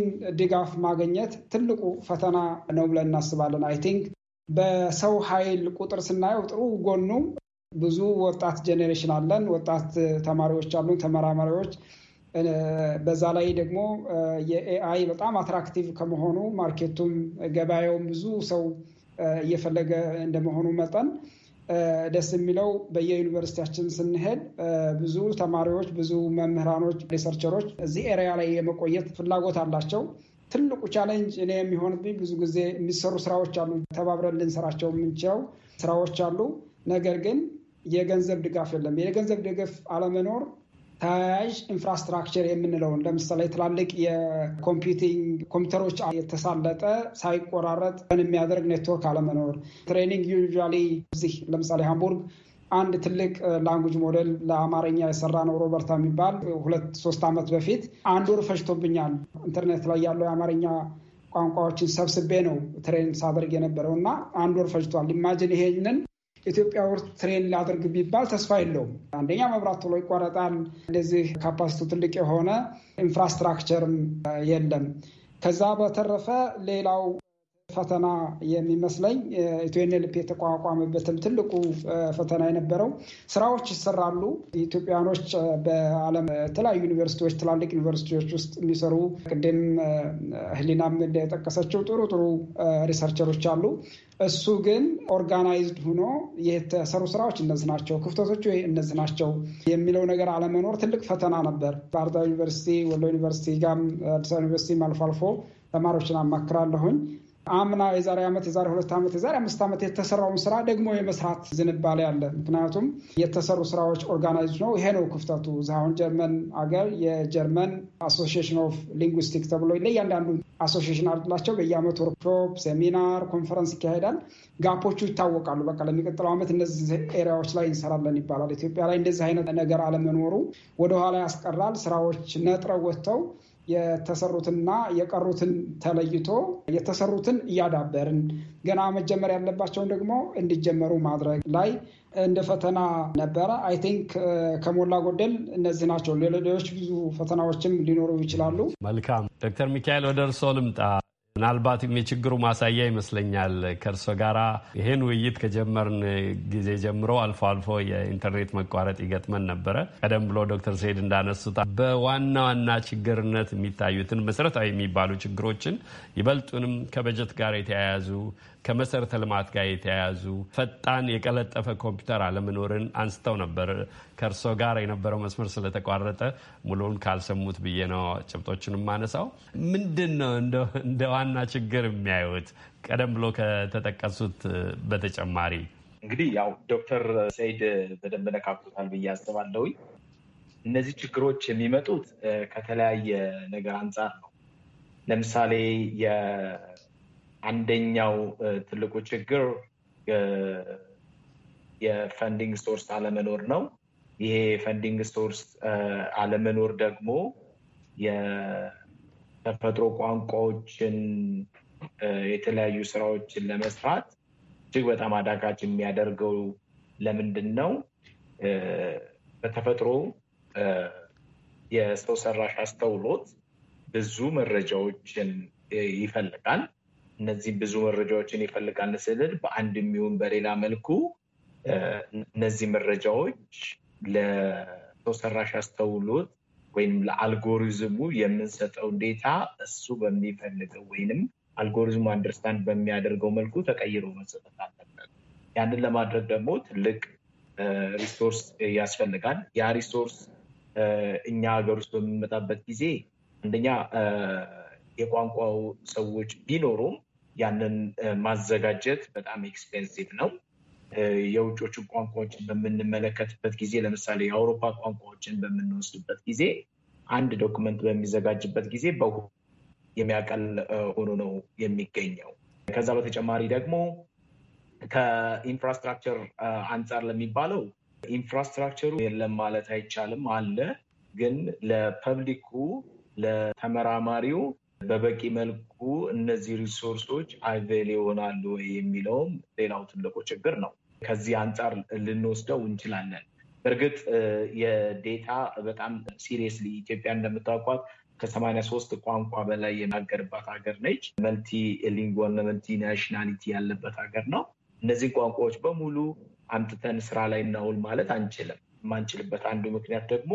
ድጋፍ ማግኘት ትልቁ ፈተና ነው ብለን እናስባለን። አይ ቲንክ በሰው ኃይል ቁጥር ስናየው ጥሩ ጎኑ ብዙ ወጣት ጄኔሬሽን አለን። ወጣት ተማሪዎች አሉን፣ ተመራማሪዎች በዛ ላይ ደግሞ የኤአይ በጣም አትራክቲቭ ከመሆኑ ማርኬቱም ገበያውም ብዙ ሰው እየፈለገ እንደመሆኑ መጠን ደስ የሚለው በየዩኒቨርሲቲያችን ስንሄድ ብዙ ተማሪዎች፣ ብዙ መምህራኖች፣ ሪሰርቸሮች እዚህ ኤሪያ ላይ የመቆየት ፍላጎት አላቸው። ትልቁ ቻሌንጅ እኔ የሚሆንብኝ ብዙ ጊዜ የሚሰሩ ስራዎች አሉ፣ ተባብረን ልንሰራቸው የምንችለው ስራዎች አሉ። ነገር ግን የገንዘብ ድጋፍ የለም። የገንዘብ ድጋፍ አለመኖር ተያያዥ ኢንፍራስትራክቸር የምንለውን ለምሳሌ ትላልቅ የኮምፒውቲንግ ኮምፒውተሮች የተሳለጠ ሳይቆራረጥ የሚያደርግ ኔትወርክ አለመኖር፣ ትሬኒንግ ዩዥዋሊ እዚህ ለምሳሌ ሃምቡርግ አንድ ትልቅ ላንጉጅ uh, ሞዴል ለአማርኛ የሰራ ነው ሮበርታ የሚባል ሁለት ሶስት ዓመት በፊት አንድ ወር ፈጅቶብኛል። ኢንተርኔት ላይ ያለው የአማርኛ ቋንቋዎችን ሰብስቤ ነው ትሬን ሳደርግ የነበረው እና አንድ ወር ፈጅቷል። ኢማጅን ይሄንን ኢትዮጵያ ውስጥ ትሬን ላድርግ ቢባል ተስፋ የለውም። አንደኛ መብራት ቶሎ ይቋረጣል። እንደዚህ ካፓሲቲው ትልቅ የሆነ ኢንፍራስትራክቸርም የለም። ከዛ በተረፈ ሌላው ፈተና የሚመስለኝ ኢትዮ የተቋቋመበትም ትልቁ ፈተና የነበረው ስራዎች ይሰራሉ። ኢትዮጵያኖች በዓለም የተለያዩ ዩኒቨርሲቲዎች፣ ትላልቅ ዩኒቨርሲቲዎች ውስጥ የሚሰሩ ቅድም ህሊናም እንደጠቀሰችው ጥሩ ጥሩ ሪሰርቸሮች አሉ። እሱ ግን ኦርጋናይዝድ ሆኖ የተሰሩ ስራዎች እነዚህ ናቸው፣ ክፍተቶቹ እነዚህ ናቸው የሚለው ነገር አለመኖር ትልቅ ፈተና ነበር። ባህር ዳር ዩኒቨርሲቲ፣ ወሎ ዩኒቨርሲቲ ጋም አዲስ ዩኒቨርሲቲ አልፎ አልፎ ተማሪዎችን አማክራለሁኝ። አምና፣ የዛሬ ዓመት፣ የዛሬ ሁለት ዓመት፣ የዛሬ አምስት ዓመት የተሰራውን ስራ ደግሞ የመስራት ዝንባሌ አለ። ምክንያቱም የተሰሩ ስራዎች ኦርጋናይዝ ነው። ይሄ ነው ክፍተቱ። አሁን ጀርመን አገር የጀርመን አሶሲሽን ኦፍ ሊንጉስቲክ ተብሎ ለእያንዳንዱ አሶሲሽን አላቸው። በየአመት ወርክሾፕ፣ ሴሚናር፣ ኮንፈረንስ ይካሄዳል። ጋፖቹ ይታወቃሉ። በቃ ለሚቀጥለው ዓመት እነዚህ ኤሪያዎች ላይ እንሰራለን ይባላል። ኢትዮጵያ ላይ እንደዚህ አይነት ነገር አለመኖሩ ወደኋላ ያስቀራል። ስራዎች ነጥረው ወጥተው የተሰሩትና የቀሩትን ተለይቶ የተሰሩትን እያዳበርን ገና መጀመር ያለባቸውን ደግሞ እንዲጀመሩ ማድረግ ላይ እንደ ፈተና ነበረ። አይ ቲንክ ከሞላ ጎደል እነዚህ ናቸው። ሌሎች ብዙ ፈተናዎችም ሊኖሩ ይችላሉ። መልካም ዶክተር ሚካኤል ወደ እርስዎ ልምጣ። ምናልባትም የችግሩ ማሳያ ይመስለኛል። ከእርሶ ጋር ይህን ውይይት ከጀመርን ጊዜ ጀምሮ አልፎ አልፎ የኢንተርኔት መቋረጥ ይገጥመን ነበረ። ቀደም ብሎ ዶክተር ሰይድ እንዳነሱት በዋና ዋና ችግርነት የሚታዩትን መሰረታዊ የሚባሉ ችግሮችን ይበልጡንም ከበጀት ጋር የተያያዙ ከመሰረተ ልማት ጋር የተያያዙ ፈጣን የቀለጠፈ ኮምፒውተር አለመኖርን አንስተው ነበር። ከእርሶ ጋር የነበረው መስመር ስለተቋረጠ ሙሉውን ካልሰሙት ብዬ ነው ጭብጦችን ማነሳው። ምንድን ነው እንደ ዋና ችግር የሚያዩት ቀደም ብሎ ከተጠቀሱት በተጨማሪ? እንግዲህ ያው ዶክተር ሰይድ በደንብ ነካክቶታል ብዬ አስባለሁ። እነዚህ ችግሮች የሚመጡት ከተለያየ ነገር አንጻር ነው። ለምሳሌ አንደኛው ትልቁ ችግር የፈንዲንግ ሶርስ አለመኖር ነው። ይሄ የፈንዲንግ ሶርስ አለመኖር ደግሞ የተፈጥሮ ቋንቋዎችን የተለያዩ ስራዎችን ለመስራት እጅግ በጣም አዳጋች የሚያደርገው ለምንድን ነው? በተፈጥሮ የሰው ሰራሽ አስተውሎት ብዙ መረጃዎችን ይፈልጋል። እነዚህ ብዙ መረጃዎችን ይፈልጋል ስልል በአንድ የሚሆን በሌላ መልኩ እነዚህ መረጃዎች ለሰው ሰራሽ አስተውሎት ወይም ለአልጎሪዝሙ የምንሰጠው ዴታ እሱ በሚፈልገው ወይንም አልጎሪዝሙ አንደርስታንድ በሚያደርገው መልኩ ተቀይሮ መሰጠት አለበት። ያንን ለማድረግ ደግሞ ትልቅ ሪሶርስ ያስፈልጋል። ያ ሪሶርስ እኛ ሀገር ውስጥ በምንመጣበት ጊዜ አንደኛ የቋንቋው ሰዎች ቢኖሩም ያንን ማዘጋጀት በጣም ኤክስፔንሲቭ ነው። የውጮቹ ቋንቋዎችን በምንመለከትበት ጊዜ ለምሳሌ የአውሮፓ ቋንቋዎችን በምንወስድበት ጊዜ አንድ ዶክመንት በሚዘጋጅበት ጊዜ በሁ የሚያቀል ሆኖ ነው የሚገኘው። ከዛ በተጨማሪ ደግሞ ከኢንፍራስትራክቸር አንጻር ለሚባለው ኢንፍራስትራክቸሩ የለም ማለት አይቻልም፣ አለ። ግን ለፐብሊኩ ለተመራማሪው በበቂ መልኩ መልኩ እነዚህ ሪሶርሶች አቬል ይሆናሉ ወይ የሚለውም ሌላው ትልቁ ችግር ነው። ከዚህ አንጻር ልንወስደው እንችላለን። በእርግጥ የዴታ በጣም ሲሪየስሊ ኢትዮጵያ እንደምታውቋት ከሰማንያ ሶስት ቋንቋ በላይ የናገርባት ሀገር ነች። መልቲ ሊንጓል መልቲ ናሽናሊቲ ያለበት ሀገር ነው። እነዚህ ቋንቋዎች በሙሉ አምጥተን ስራ ላይ እናውል ማለት አንችልም። የማንችልበት አንዱ ምክንያት ደግሞ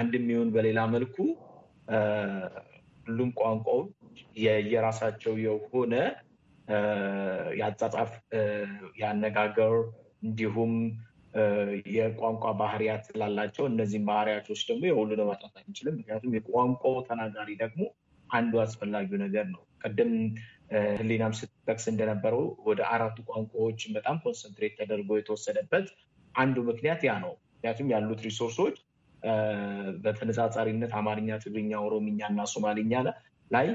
አንድ ይሁን በሌላ መልኩ ሁሉም ቋንቋው የየራሳቸው የሆነ የአጻጻፍ ያነጋገር እንዲሁም የቋንቋ ባህሪያት ስላላቸው እነዚህም ባህሪያቶች ደግሞ የሁሉንም ማጣት አንችልም። ምክንያቱም የቋንቋው ተናጋሪ ደግሞ አንዱ አስፈላጊው ነገር ነው። ቅድም ህሊናም ስትጠቅስ እንደነበረው ወደ አራቱ ቋንቋዎችን በጣም ኮንሰንትሬት ተደርጎ የተወሰደበት አንዱ ምክንያት ያ ነው። ምክንያቱም ያሉት ሪሶርሶች በተነጻጻሪነት አማርኛ፣ ትግርኛ፣ ኦሮምኛ እና ሶማሊኛ ላይ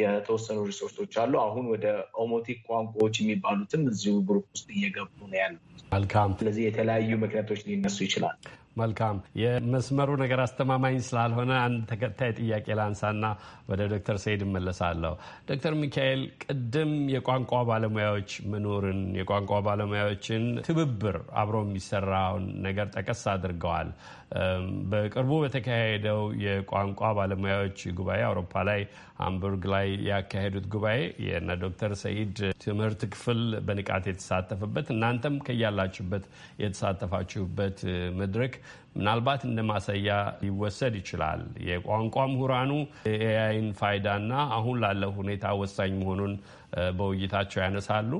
የተወሰኑ ሪሶርሶች አሉ። አሁን ወደ ኦሞቲክ ቋንቋዎች የሚባሉትም እዚሁ ግሩፕ ውስጥ እየገቡ ነው ያለ። መልካም። ስለዚህ የተለያዩ ምክንያቶች ሊነሱ ይችላል። መልካም። የመስመሩ ነገር አስተማማኝ ስላልሆነ አንድ ተከታይ ጥያቄ ላንሳና ወደ ዶክተር ሰይድ እመለሳለሁ። ዶክተር ሚካኤል ቅድም የቋንቋ ባለሙያዎች መኖርን የቋንቋ ባለሙያዎችን ትብብር አብሮ የሚሰራውን ነገር ጠቀስ አድርገዋል። በቅርቡ በተካሄደው የቋንቋ ባለሙያዎች ጉባኤ አውሮፓ ላይ ሃምቡርግ ላይ ያካሄዱት ጉባኤ የነ ዶክተር ሰይድ ትምህርት ክፍል በንቃት የተሳተፈበት እናንተም ከያላችሁበት የተሳተፋችሁበት መድረክ ምናልባት እንደ ማሳያ ሊወሰድ ይችላል። የቋንቋ ምሁራኑ የኤአይን ፋይዳና አሁን ላለው ሁኔታ ወሳኝ መሆኑን በውይይታቸው ያነሳሉ።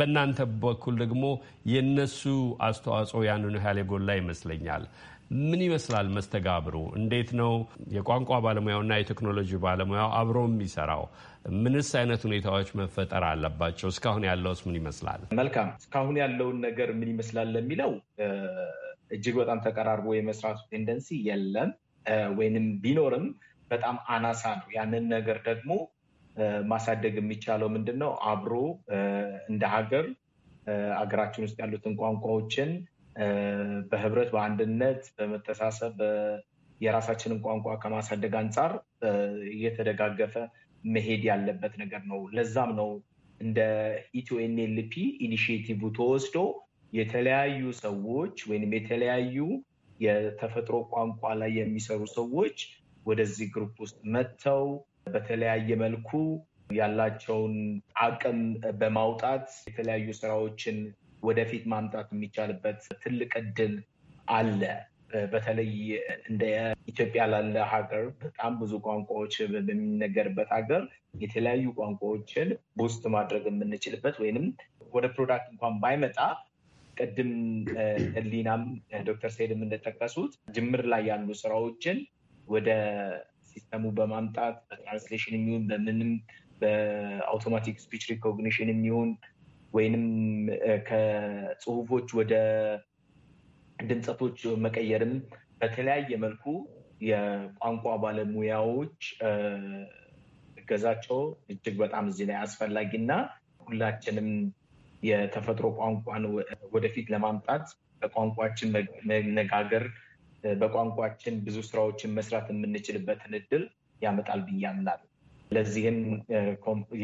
በእናንተ በኩል ደግሞ የነሱ አስተዋጽኦ ያንኑ ያህል የጎላ ይመስለኛል። ምን ይመስላል መስተጋብሩ? እንዴት ነው የቋንቋ ባለሙያውና የቴክኖሎጂ ባለሙያው አብሮ የሚሰራው? ምንስ አይነት ሁኔታዎች መፈጠር አለባቸው? እስካሁን ያለውስ ምን ይመስላል? መልካም። እስካሁን ያለውን ነገር ምን ይመስላል ለሚለው እጅግ በጣም ተቀራርቦ የመስራቱ ቴንደንሲ የለም ወይንም ቢኖርም በጣም አናሳ ነው። ያንን ነገር ደግሞ ማሳደግ የሚቻለው ምንድን ነው? አብሮ እንደ ሀገር ሀገራችን ውስጥ ያሉትን ቋንቋዎችን በህብረት በአንድነት በመተሳሰብ የራሳችንን ቋንቋ ከማሳደግ አንጻር እየተደጋገፈ መሄድ ያለበት ነገር ነው። ለዛም ነው እንደ ኢትዮ ኤንኤልፒ ኢኒሽቲቭ ተወስዶ የተለያዩ ሰዎች ወይም የተለያዩ የተፈጥሮ ቋንቋ ላይ የሚሰሩ ሰዎች ወደዚህ ግሩፕ ውስጥ መጥተው በተለያየ መልኩ ያላቸውን አቅም በማውጣት የተለያዩ ስራዎችን ወደፊት ማምጣት የሚቻልበት ትልቅ እድል አለ። በተለይ እንደ ኢትዮጵያ ላለ ሀገር በጣም ብዙ ቋንቋዎች በሚነገርበት ሀገር የተለያዩ ቋንቋዎችን ውስጥ ማድረግ የምንችልበት ወይንም ወደ ፕሮዳክት እንኳን ባይመጣ ቅድም ህሊናም ዶክተር ሴድም እንደጠቀሱት ጅምር ላይ ያሉ ስራዎችን ወደ ሲስተሙ በማምጣት በትራንስሌሽን የሚሆን በምንም በአውቶማቲክ ስፒች ሪኮግኒሽን የሚሆን ወይንም ከጽሁፎች ወደ ድምፀቶች መቀየርም በተለያየ መልኩ የቋንቋ ባለሙያዎች እገዛቸው እጅግ በጣም እዚህ ላይ አስፈላጊና ሁላችንም የተፈጥሮ ቋንቋን ወደፊት ለማምጣት በቋንቋችን መነጋገር በቋንቋችን ብዙ ስራዎችን መስራት የምንችልበትን እድል ያመጣል ብያምናል። ለዚህም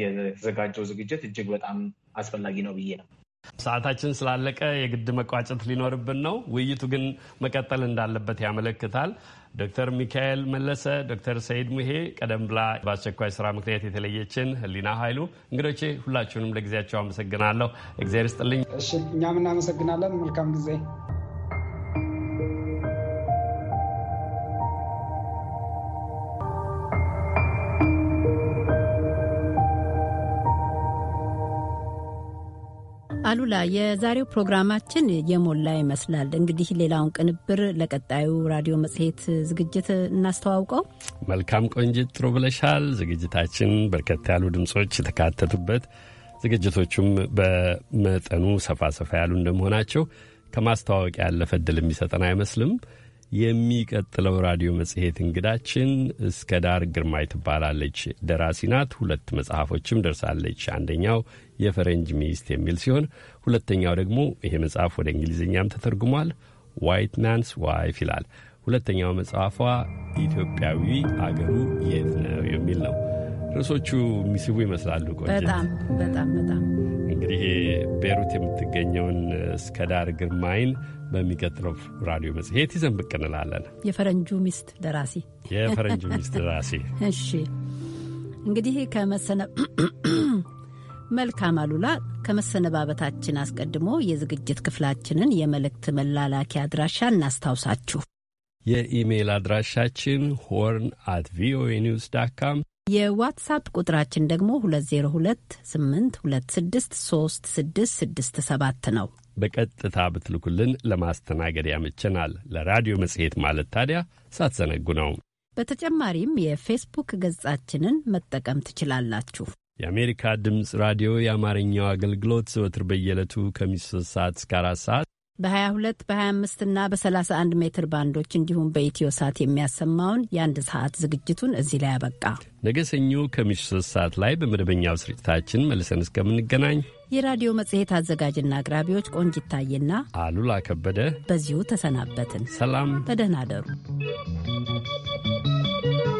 የተዘጋጀው ዝግጅት እጅግ በጣም አስፈላጊ ነው ብዬ ነው። ሰዓታችን ስላለቀ የግድ መቋጨት ሊኖርብን ነው። ውይይቱ ግን መቀጠል እንዳለበት ያመለክታል። ዶክተር ሚካኤል መለሰ፣ ዶክተር ሰይድ ሙሄ፣ ቀደም ብላ በአስቸኳይ ስራ ምክንያት የተለየችን ህሊና ኃይሉ እንግዶቼ፣ ሁላችሁንም ለጊዜያቸው አመሰግናለሁ። እግዚአብሔር ይስጥልኝ። እሺ፣ እኛም እናመሰግናለን። መልካም ጊዜ አሉላ፣ የዛሬው ፕሮግራማችን የሞላ ይመስላል። እንግዲህ ሌላውን ቅንብር ለቀጣዩ ራዲዮ መጽሔት ዝግጅት እናስተዋውቀው። መልካም ቆንጅት፣ ጥሩ ብለሻል። ዝግጅታችን በርከት ያሉ ድምጾች የተካተቱበት ዝግጅቶቹም በመጠኑ ሰፋ ሰፋ ያሉ እንደመሆናቸው ከማስተዋወቂያ ያለፈ እድል የሚሰጠን አይመስልም። የሚቀጥለው ራዲዮ መጽሔት እንግዳችን እስከ ዳር ግርማይ ትባላለች። ደራሲ ናት። ሁለት መጽሐፎችም ደርሳለች። አንደኛው የፈረንጅ ሚስት የሚል ሲሆን ሁለተኛው ደግሞ ይሄ መጽሐፍ ወደ እንግሊዝኛም ተተርጉሟል፣ ዋይት ማንስ ዋይፍ ይላል። ሁለተኛው መጽሐፏ ኢትዮጵያዊ አገሩ የት ነው የሚል ነው። ርዕሶቹ የሚስቡ ይመስላሉ። በጣም በጣም እንግዲህ ቤሩት የምትገኘውን እስከዳር ግርማይን በሚቀጥለው ራዲዮ መጽሔት ይዘን ብቅ እንላለን። የፈረንጁ ሚስት ደራሲ የፈረንጁ ሚስት ደራሲ እሺ እንግዲህ መልካም አሉላ፣ ከመሰነባበታችን አስቀድሞ የዝግጅት ክፍላችንን የመልእክት መላላኪያ አድራሻ እናስታውሳችሁ። የኢሜይል አድራሻችን ሆርን አት ቪኦኤ ኒውስ ዳት ካም፣ የዋትሳፕ ቁጥራችን ደግሞ 2028263667 ነው። በቀጥታ ብትልኩልን ለማስተናገድ ያመቸናል። ለራዲዮ መጽሔት ማለት ታዲያ ሳትዘነጉ ነው። በተጨማሪም የፌስቡክ ገጻችንን መጠቀም ትችላላችሁ። የአሜሪካ ድምፅ ራዲዮ የአማርኛው አገልግሎት ዘወትር በየዕለቱ ከምሽቱ ሰዓት እስከ 4 ሰዓት በ22 በ25 እና በ31 ሜትር ባንዶች እንዲሁም በኢትዮ ሳት የሚያሰማውን የአንድ ሰዓት ዝግጅቱን እዚህ ላይ አበቃ። ነገ ሰኞ ከምሽቱ ሰዓት ላይ በመደበኛው ስርጭታችን መልሰን እስከምንገናኝ የራዲዮ መጽሔት አዘጋጅና አቅራቢዎች ቆንጅ ታዬና አሉላ ከበደ በዚሁ ተሰናበትን። ሰላም፣ በደህና አደሩ።